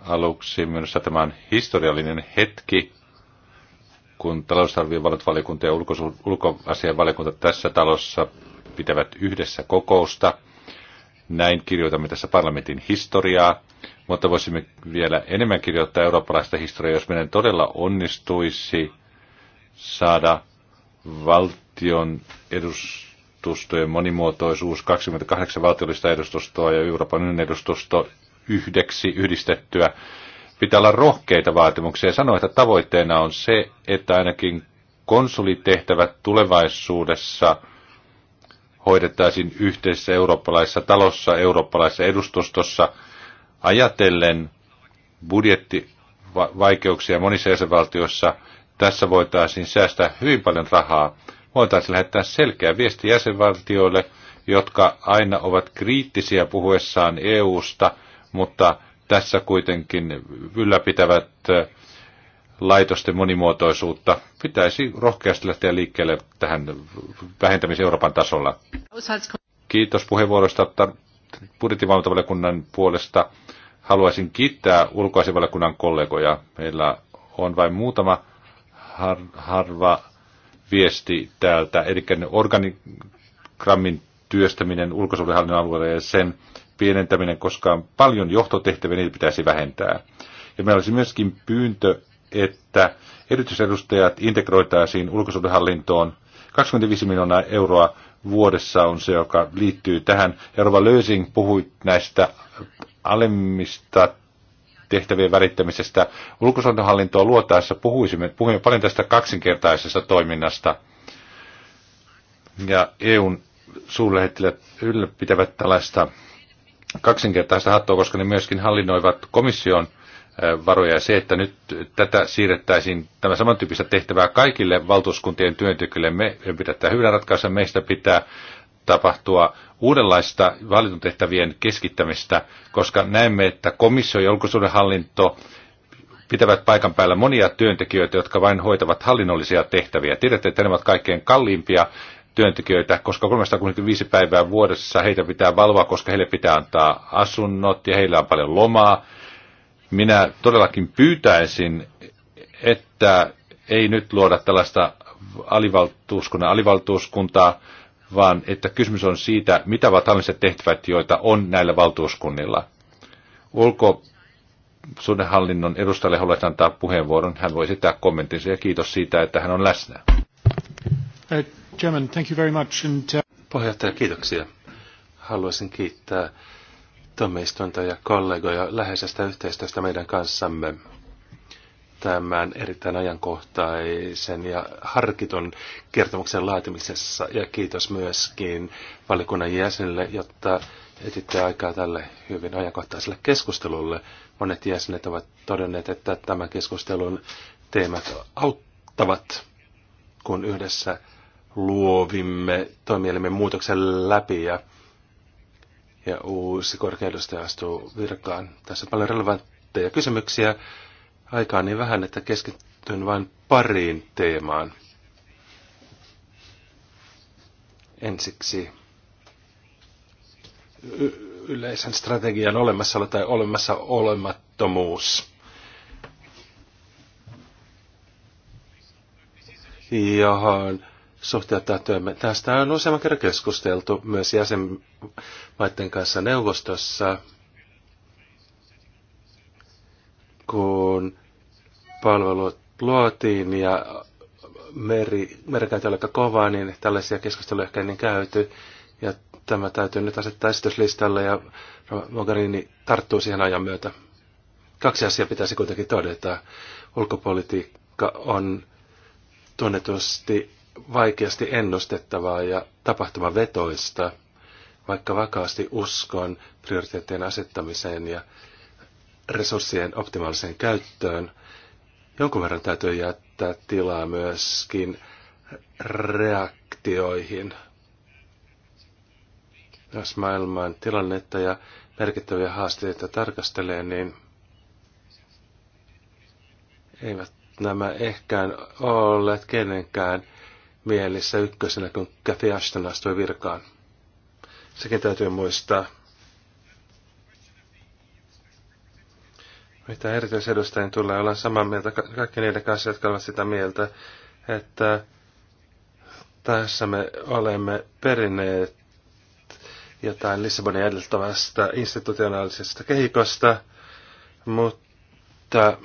Aluksi minusta tämä on historiallinen hetki kun talousarvion valiokunta ja ulkoasianvaliokunta valiokunta tässä talossa pitävät yhdessä kokousta. Näin kirjoitamme tässä parlamentin historiaa, mutta voisimme vielä enemmän kirjoittaa eurooppalaista historiaa, jos meidän todella onnistuisi saada valtion edustustojen monimuotoisuus, 28 valtiollista edustustoa ja Euroopan unionin edustusto yhdeksi yhdistettyä Pitää olla rohkeita vaatimuksia ja sanoa, että tavoitteena on se, että ainakin konsulitehtävät tulevaisuudessa hoidettaisiin yhteisessä eurooppalaisessa talossa, eurooppalaisessa edustustossa, ajatellen budjettivaikeuksia monissa jäsenvaltioissa. Tässä voitaisiin säästää hyvin paljon rahaa. Voitaisiin lähettää selkeä viesti jäsenvaltioille, jotka aina ovat kriittisiä puhuessaan EU-sta, mutta tässä kuitenkin ylläpitävät äh, laitosten monimuotoisuutta. Pitäisi rohkeasti lähteä liikkeelle tähän vähentämiseen Euroopan tasolla. Kiitos puheenvuorosta budjettivalvontavaliokunnan puolesta. Haluaisin kiittää ulkoasianvaliokunnan kollegoja. Meillä on vain muutama har, harva viesti täältä, eli organigrammin työstäminen ulkosuhdehallinnon alueelle ja sen pienentäminen, koska on paljon johtotehtäviä, niitä pitäisi vähentää. Ja meillä olisi myöskin pyyntö, että erityisedustajat integroitaisiin ulkosuhdehallintoon. 25 miljoonaa euroa vuodessa on se, joka liittyy tähän. erova Lösing puhui näistä alemmista tehtävien välittämisestä. Ulkosuhdehallintoa luotaessa puhuisimme, puhuimme paljon tästä kaksinkertaisesta toiminnasta. Ja EUn suurlähettilät ylläpitävät tällaista kaksinkertaista hattua, koska ne myöskin hallinnoivat komission varoja. Ja se, että nyt tätä siirrettäisiin, tämä samantyyppistä tehtävää kaikille valtuuskuntien työntekijöille, me pitää hyvänä ratkaisua, meistä pitää tapahtua uudenlaista valituntehtävien keskittämistä, koska näemme, että komissio ja julkisuuden hallinto pitävät paikan päällä monia työntekijöitä, jotka vain hoitavat hallinnollisia tehtäviä. Tiedätte, että ne ovat kaikkein kalliimpia työntekijöitä, koska 365 päivää vuodessa heitä pitää valvoa, koska heille pitää antaa asunnot ja heillä on paljon lomaa. Minä todellakin pyytäisin, että ei nyt luoda tällaista alivaltuuskunnan alivaltuuskuntaa, vaan että kysymys on siitä, mitä ovat hallinnolliset tehtävät, joita on näillä valtuuskunnilla. Ulko hallinnon edustajalle haluaisin antaa puheenvuoron. Hän voi sitä kommenttinsa ja kiitos siitä, että hän on läsnä. Äh, Chairman, thank you very much. And, uh... Puheenjohtaja, kiitoksia. Haluaisin kiittää tuomioistuinta ja kollegoja läheisestä yhteistyöstä meidän kanssamme tämän erittäin ajankohtaisen ja harkiton kertomuksen laatimisessa. Ja kiitos myöskin valikunnan jäsenille, jotta etitte aikaa tälle hyvin ajankohtaiselle keskustelulle. Monet jäsenet ovat todenneet, että tämän keskustelun teemat auttavat, kun yhdessä luovimme toimielimme muutoksen läpi ja, ja uusi korkeudustaja astuu virkaan. Tässä on paljon relevantteja kysymyksiä. Aikaa niin vähän, että keskityn vain pariin teemaan. Ensiksi yleisen strategian olemassaolo tai olemassa olemattomuus. johon suhteuttaa työmme. Tästä on useamman kerran keskusteltu myös jäsenmaiden kanssa neuvostossa, kun palvelut luotiin ja meri, merikäyntö oli aika kovaa, niin tällaisia keskusteluja ehkä ennen käyty. Ja tämä täytyy nyt asettaa esityslistalle ja Mogherini tarttuu siihen ajan myötä. Kaksi asiaa pitäisi kuitenkin todeta. Ulkopolitiikka on tunnetusti vaikeasti ennustettavaa ja tapahtumavetoista, vaikka vakaasti uskon prioriteettien asettamiseen ja resurssien optimaaliseen käyttöön. Jonkun verran täytyy jättää tilaa myöskin reaktioihin. Jos maailman tilannetta ja merkittäviä haasteita tarkastelee, niin eivät nämä ehkä ole kenenkään mielessä ykkösenä, kun Kathy Ashton astui virkaan. Sekin täytyy muistaa. Mitä erityisedustajien tulee, ollaan samaa mieltä kaikki niiden kanssa, jotka ovat sitä mieltä, että tässä me olemme perinneet jotain Lissabonin edeltävästä institutionaalisesta kehikosta, mutta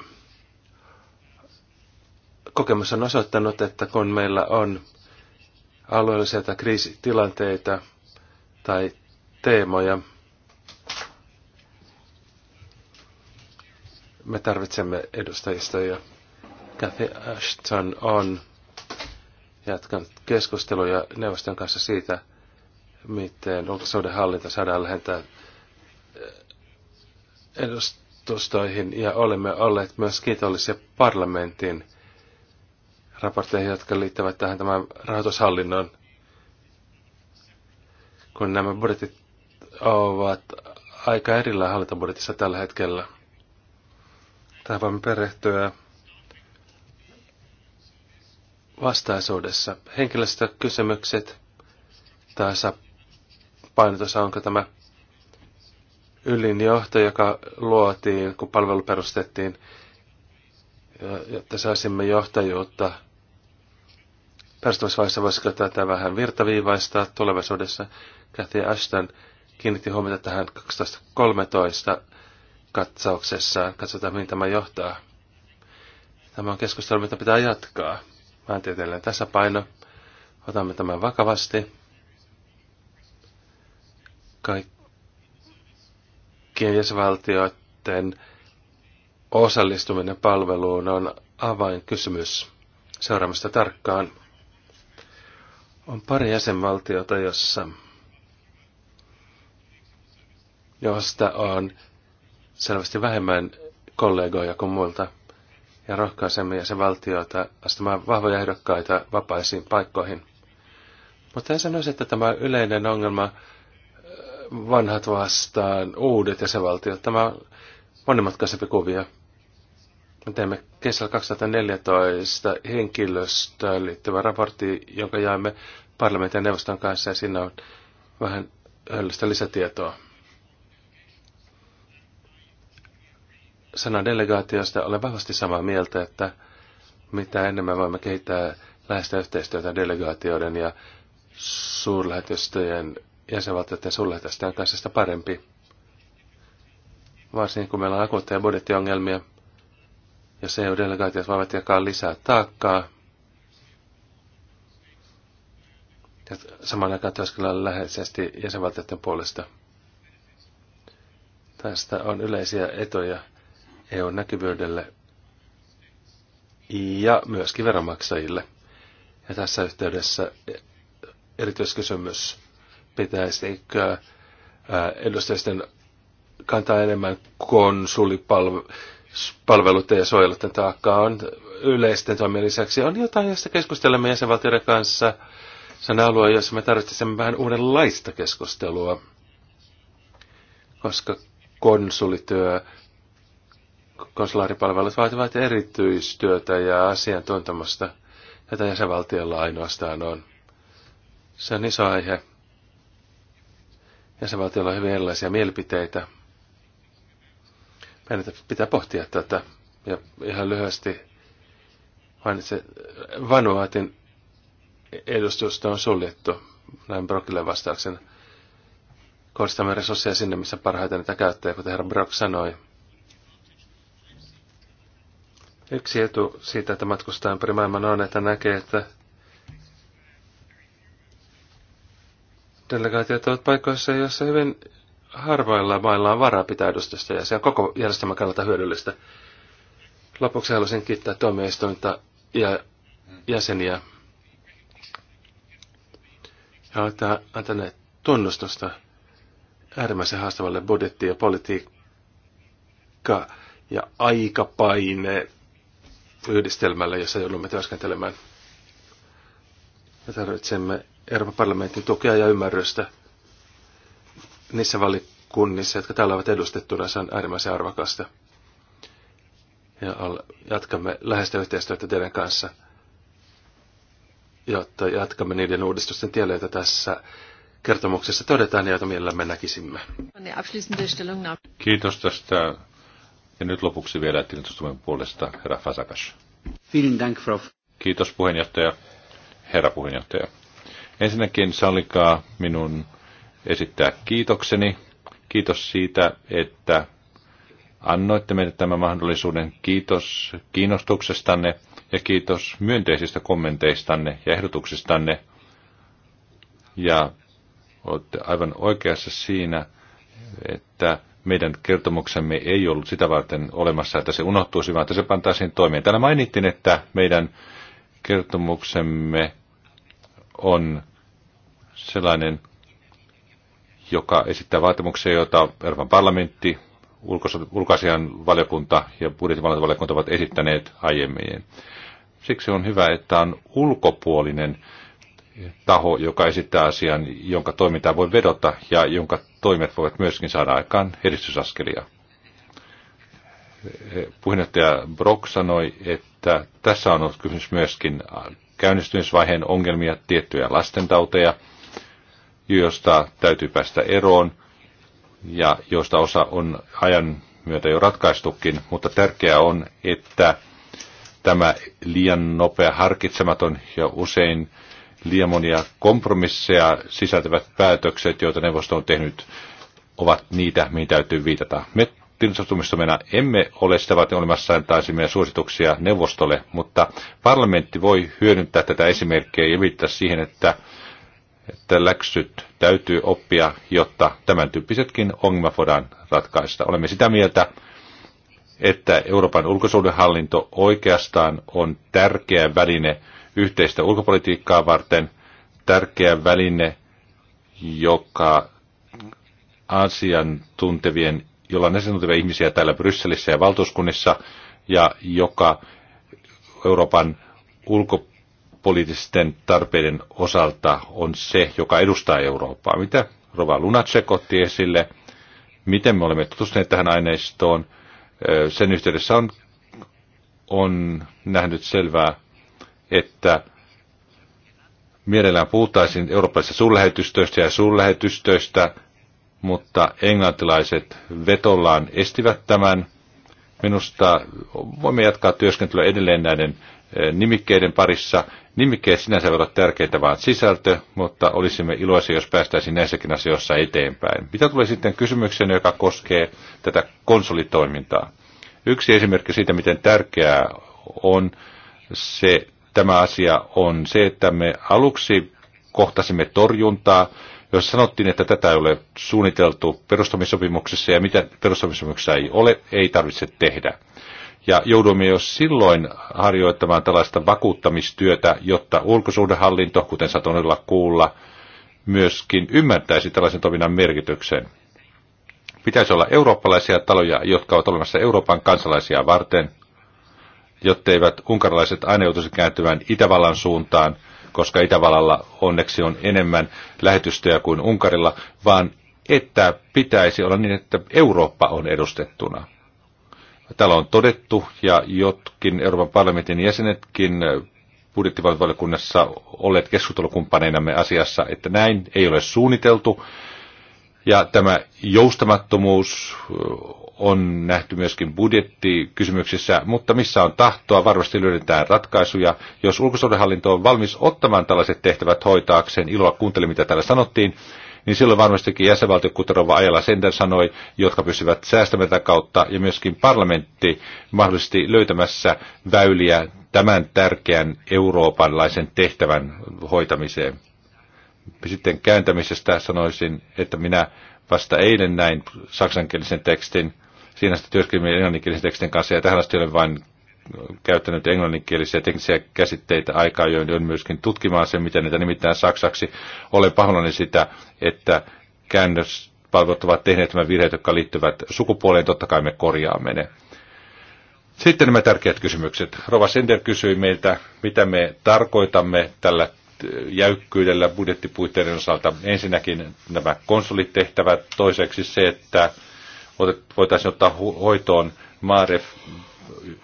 kokemus on osoittanut, että kun meillä on alueellisia tai kriisitilanteita tai teemoja, me tarvitsemme edustajistoja. Kathy Ashton on jatkanut keskusteluja neuvoston kanssa siitä, miten ulkosuuden hallinta saadaan lähentää eh, edustustoihin ja olemme olleet myös kiitollisia parlamentin raportteihin, jotka liittävät tähän tämän rahoitushallinnon, kun nämä budjetit ovat aika erillään hallintobudjetissa tällä hetkellä. Tähän voimme perehtyä vastaisuudessa. Henkilöstökysymykset taas painotus, onko tämä ylinjohto, joka luotiin, kun palvelu perustettiin, jotta saisimme johtajuutta – perustamisvaiheessa voisiko tätä vähän virtaviivaistaa tulevaisuudessa. Kathy Ashton kiinnitti huomiota tähän 2013 katsauksessa, Katsotaan, mihin tämä johtaa. Tämä on keskustelu, mitä pitää jatkaa. Tässä paino Otamme tämän vakavasti. Kaikkien jäsenvaltioiden osallistuminen palveluun on avainkysymys seuraamista tarkkaan. On pari jäsenvaltiota, jossa, josta on selvästi vähemmän kollegoja kuin muilta. Ja rohkaisemmin jäsenvaltioita astumaan vahvoja ehdokkaita vapaisiin paikkoihin. Mutta en sanoisi, että tämä yleinen ongelma vanhat vastaan uudet jäsenvaltiot, tämä on monimutkaisempi kuvio. Me teemme kesällä 2014 henkilöstöön liittyvä raportti, jonka jaimme parlamentin ja neuvoston kanssa, ja siinä on vähän höllistä lisätietoa. Sana delegaatiosta olen vahvasti samaa mieltä, että mitä enemmän voimme kehittää läheistä yhteistyötä delegaatioiden ja suurlähetystöjen jäsenvaltioiden suurlähetystöjen kanssa sitä parempi. Varsinkin kun meillä on akuutteja budjettiongelmia, jos EU-delegaatiot voivat jakaa lisää taakkaa ja samaan aikaan työskennellä läheisesti jäsenvaltioiden puolesta. Tästä on yleisiä etoja eu näkyvyydelle ja myöskin veronmaksajille. Ja tässä yhteydessä erityiskysymys, pitäisikö edustajisten kantaa enemmän konsulipalveluja palveluiden ja suojeluiden taakkaa on yleisten toimien lisäksi on jotain, josta keskustelemme jäsenvaltioiden kanssa. Se on alue, jossa me tarvitsemme vähän uudenlaista keskustelua, koska konsulityö, konsulaaripalvelut vaativat erityistyötä ja asiantuntemusta, jota jäsenvaltiolla ainoastaan on. Se on iso aihe. Jäsenvaltiolla on hyvin erilaisia mielipiteitä meidän pitää pohtia tätä. Ja ihan lyhyesti mainitsin, Vanuatin edustusta on suljettu näin Brokille vastauksen. Kohdistamme resursseja sinne, missä parhaiten niitä käyttää, kuten herra Brock sanoi. Yksi etu siitä, että matkustaa ympäri maailman on, että näkee, että delegaatiot ovat paikoissa, joissa hyvin harvoilla mailla on varaa pitää edustusta ja se on koko järjestelmän kannalta hyödyllistä. Lopuksi haluaisin kiittää tuomioistuinta ja jäseniä. Ja antaa antaneet tunnustusta äärimmäisen haastavalle budjetti- ja politiikka- ja aikapaine yhdistelmälle, jossa joudumme työskentelemään. Me tarvitsemme Euroopan parlamentin tukea ja ymmärrystä – niissä valikunnissa, jotka täällä ovat edustettuna, se on äärimmäisen arvokasta. Ja jatkamme läheistä yhteistyötä teidän kanssa, jotta jatkamme niiden uudistusten tielle, joita tässä kertomuksessa todetaan ja joita mielellämme näkisimme. Kiitos tästä. Ja nyt lopuksi vielä tilintustumen puolesta herra Fasakas. Kiitos puheenjohtaja, herra puheenjohtaja. Ensinnäkin sallikaa minun esittää kiitokseni. Kiitos siitä, että annoitte meille tämän mahdollisuuden. Kiitos kiinnostuksestanne ja kiitos myönteisistä kommenteistanne ja ehdotuksistanne. Ja olette aivan oikeassa siinä, että meidän kertomuksemme ei ollut sitä varten olemassa, että se unohtuisi, vaan että se pantaisiin toimeen. Täällä mainittiin, että meidän kertomuksemme on sellainen, joka esittää vaatimuksia, joita Euroopan parlamentti, ulkoasian valiokunta ja budjettivalvontavaliokunta ovat esittäneet aiemmin. Siksi on hyvä, että on ulkopuolinen taho, joka esittää asian, jonka toimintaa voi vedota ja jonka toimet voivat myöskin saada aikaan edistysaskelia. Puheenjohtaja Brock sanoi, että tässä on ollut kysymys myöskin käynnistymisvaiheen ongelmia, tiettyjä lastentauteja – josta täytyy päästä eroon ja joista osa on ajan myötä jo ratkaistukin, mutta tärkeää on, että tämä liian nopea, harkitsematon ja usein liian monia kompromisseja sisältävät päätökset, joita neuvosto on tehnyt, ovat niitä, mihin täytyy viitata. Me tilinsotumistomena emme ole sitä varten olemassa antaisimme suosituksia neuvostolle, mutta parlamentti voi hyödyntää tätä esimerkkiä ja viittaa siihen, että että läksyt täytyy oppia, jotta tämän tyyppisetkin ongelmat voidaan ratkaista. Olemme sitä mieltä, että Euroopan ulkosuudenhallinto oikeastaan on tärkeä väline yhteistä ulkopolitiikkaa varten, tärkeä väline, joka asiantuntevien, jolla on asiantuntevia ihmisiä täällä Brysselissä ja valtuuskunnissa, ja joka Euroopan ulko, poliittisten tarpeiden osalta on se, joka edustaa Eurooppaa. Mitä Rova Lunacek otti esille, miten me olemme tutustuneet tähän aineistoon. Sen yhteydessä on, on nähnyt selvää, että mielellään puhuttaisiin eurooppalaisista suurlähetystöistä ja suurlähetystöistä, mutta englantilaiset vetollaan estivät tämän. Minusta voimme jatkaa työskentelyä edelleen näiden Eh, nimikkeiden parissa. Nimikkeet sinänsä ovat tärkeitä, vaan sisältö, mutta olisimme iloisia, jos päästäisiin näissäkin asioissa eteenpäin. Mitä tulee sitten kysymykseen, joka koskee tätä konsolitoimintaa? Yksi esimerkki siitä, miten tärkeää on se, tämä asia, on se, että me aluksi kohtasimme torjuntaa, jos sanottiin, että tätä ei ole suunniteltu perustamissopimuksessa ja mitä perustamissopimuksessa ei ole, ei tarvitse tehdä ja joudumme jo silloin harjoittamaan tällaista vakuuttamistyötä, jotta ulkosuhdehallinto, kuten satonella kuulla, myöskin ymmärtäisi tällaisen toiminnan merkityksen. Pitäisi olla eurooppalaisia taloja, jotka ovat olemassa Euroopan kansalaisia varten, eivät unkarilaiset aina joutuisi kääntymään Itävallan suuntaan, koska Itävallalla onneksi on enemmän lähetystöjä kuin Unkarilla, vaan että pitäisi olla niin, että Eurooppa on edustettuna. Täällä on todettu, ja jotkin Euroopan parlamentin jäsenetkin budjettivaliokunnassa olleet keskustelukumppaneinamme asiassa, että näin ei ole suunniteltu. Ja tämä joustamattomuus on nähty myöskin budjettikysymyksissä, mutta missä on tahtoa, varmasti löydetään ratkaisuja. Jos ulkosuhdehallinto on valmis ottamaan tällaiset tehtävät hoitaakseen, ilolla kuuntelin, mitä täällä sanottiin, niin silloin varmastikin jäsenvaltio, kuten ajalla Ajala Sender sanoi, jotka pysyvät säästämätä kautta, ja myöskin parlamentti mahdollisesti löytämässä väyliä tämän tärkeän euroopanlaisen tehtävän hoitamiseen. Sitten kääntämisestä sanoisin, että minä vasta eilen näin saksankielisen tekstin, siinä sitten työskentelyä englanninkielisen tekstin kanssa, ja tähän asti olen vain käyttänyt englanninkielisiä teknisiä käsitteitä aikaa, joiden on myöskin tutkimaan sen, miten niitä nimittäin saksaksi. Olen pahoillani sitä, että käännöspalvelut ovat tehneet nämä virheet, jotka liittyvät sukupuoleen. Totta kai me korjaamme ne. Sitten nämä tärkeät kysymykset. Rova Sender kysyi meiltä, mitä me tarkoitamme tällä jäykkyydellä budjettipuitteiden osalta. Ensinnäkin nämä konsulitehtävät, toiseksi se, että voitaisiin ottaa hoitoon Maaref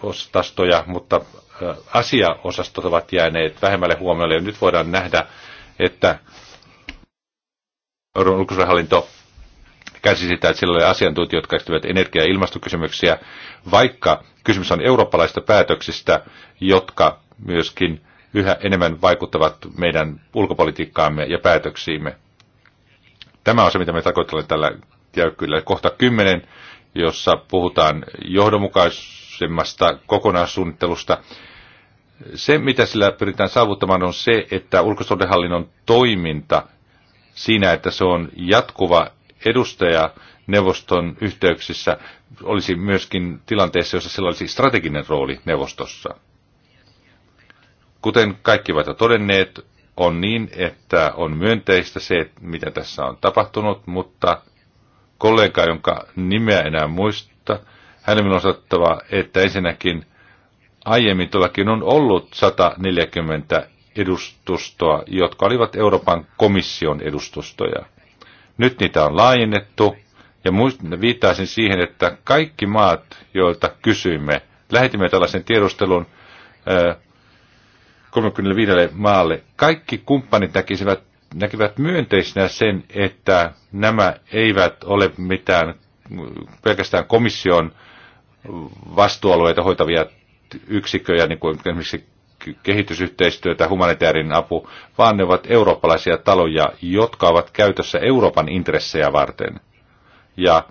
osastoja, mutta asiaosastot ovat jääneet vähemmälle huomiolle. Ja nyt voidaan nähdä, että Euroopan ulkoisuushallinto käsi sitä, että sillä oli asiantuntijat, jotka esittivät energia- ja ilmastokysymyksiä, vaikka kysymys on eurooppalaista päätöksistä, jotka myöskin yhä enemmän vaikuttavat meidän ulkopolitiikkaamme ja päätöksiimme. Tämä on se, mitä me tarkoitamme tällä jäykkyydellä. Kohta 10, jossa puhutaan johdonmukaisuudesta laajuisemmasta kokonaissuunnittelusta. Se, mitä sillä pyritään saavuttamaan, on se, että ulkosuhdehallinnon toiminta siinä, että se on jatkuva edustaja neuvoston yhteyksissä, olisi myöskin tilanteessa, jossa sillä olisi strateginen rooli neuvostossa. Kuten kaikki ovat todenneet, on niin, että on myönteistä se, mitä tässä on tapahtunut, mutta kollega, jonka nimeä enää muista, hänen on osattava, että ensinnäkin aiemmin todellakin on ollut 140 edustustoa, jotka olivat Euroopan komission edustustoja. Nyt niitä on laajennettu, ja viittaisin siihen, että kaikki maat, joilta kysyimme, lähetimme tällaisen tiedustelun 35 äh, maalle, kaikki kumppanit näkisivät, näkivät myönteisenä sen, että nämä eivät ole mitään pelkästään komission vastuualueita hoitavia yksiköjä, niin kuin esimerkiksi kehitysyhteistyötä, humanitaarinen apu, vaan ne ovat eurooppalaisia taloja, jotka ovat käytössä Euroopan intressejä varten. Ja,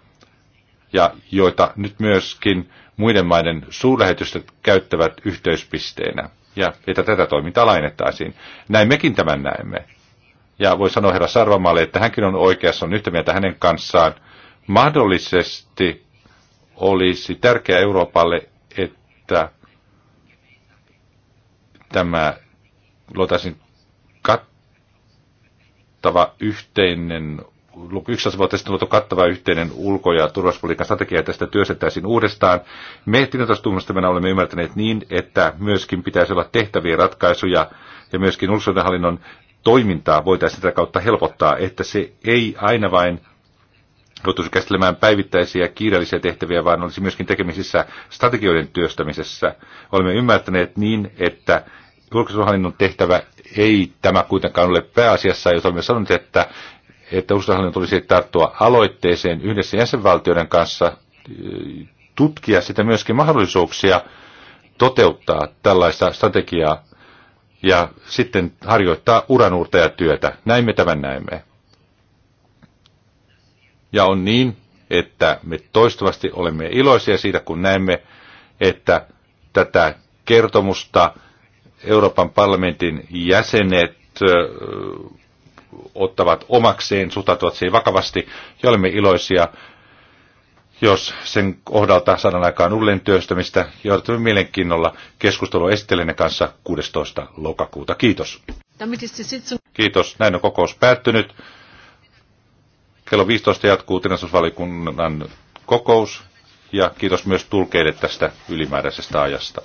ja joita nyt myöskin muiden maiden suurlähetystöt käyttävät yhteyspisteenä. Ja että tätä toimintaa lainettaisiin. Näin mekin tämän näemme. Ja voi sanoa herra Sarvamaalle, että hänkin on oikeassa, on yhtä mieltä hänen kanssaan. Mahdollisesti olisi tärkeää Euroopalle, että tämä luotaisiin kattava yhteinen 11 vuotta sitten luotu kattava yhteinen ulko- ja turvallisuuspolitiikan strategia, että sitä työstettäisiin uudestaan. Me me olemme ymmärtäneet niin, että myöskin pitäisi olla tehtäviä ratkaisuja ja myöskin ulkosuudenhallinnon toimintaa voitaisiin sitä kautta helpottaa, että se ei aina vain joutuisi käsittelemään päivittäisiä kiireellisiä tehtäviä, vaan olisi myöskin tekemisissä strategioiden työstämisessä. Olemme ymmärtäneet niin, että julkisuushallinnon tehtävä ei tämä kuitenkaan ole pääasiassa, jos olemme sanoneet, että, että julkisuushallinnon tulisi tarttua aloitteeseen yhdessä jäsenvaltioiden kanssa, äh, tutkia sitä myöskin mahdollisuuksia toteuttaa tällaista strategiaa ja sitten harjoittaa uranuurtajatyötä. Näin me tämän näemme. Ja on niin, että me toistuvasti olemme iloisia siitä, kun näemme, että tätä kertomusta Euroopan parlamentin jäsenet ottavat omakseen, suhtautuvat siihen vakavasti, ja olemme iloisia, jos sen kohdalta saadaan aikaan uudelleen työstämistä, ja odotamme mielenkiinnolla keskustelua esittelenne kanssa 16. lokakuuta. Kiitos. Kiitos. Näin on kokous päättynyt. Kello 15 jatkuu tilaisuusvalikunnan kokous ja kiitos myös tulkeille tästä ylimääräisestä ajasta.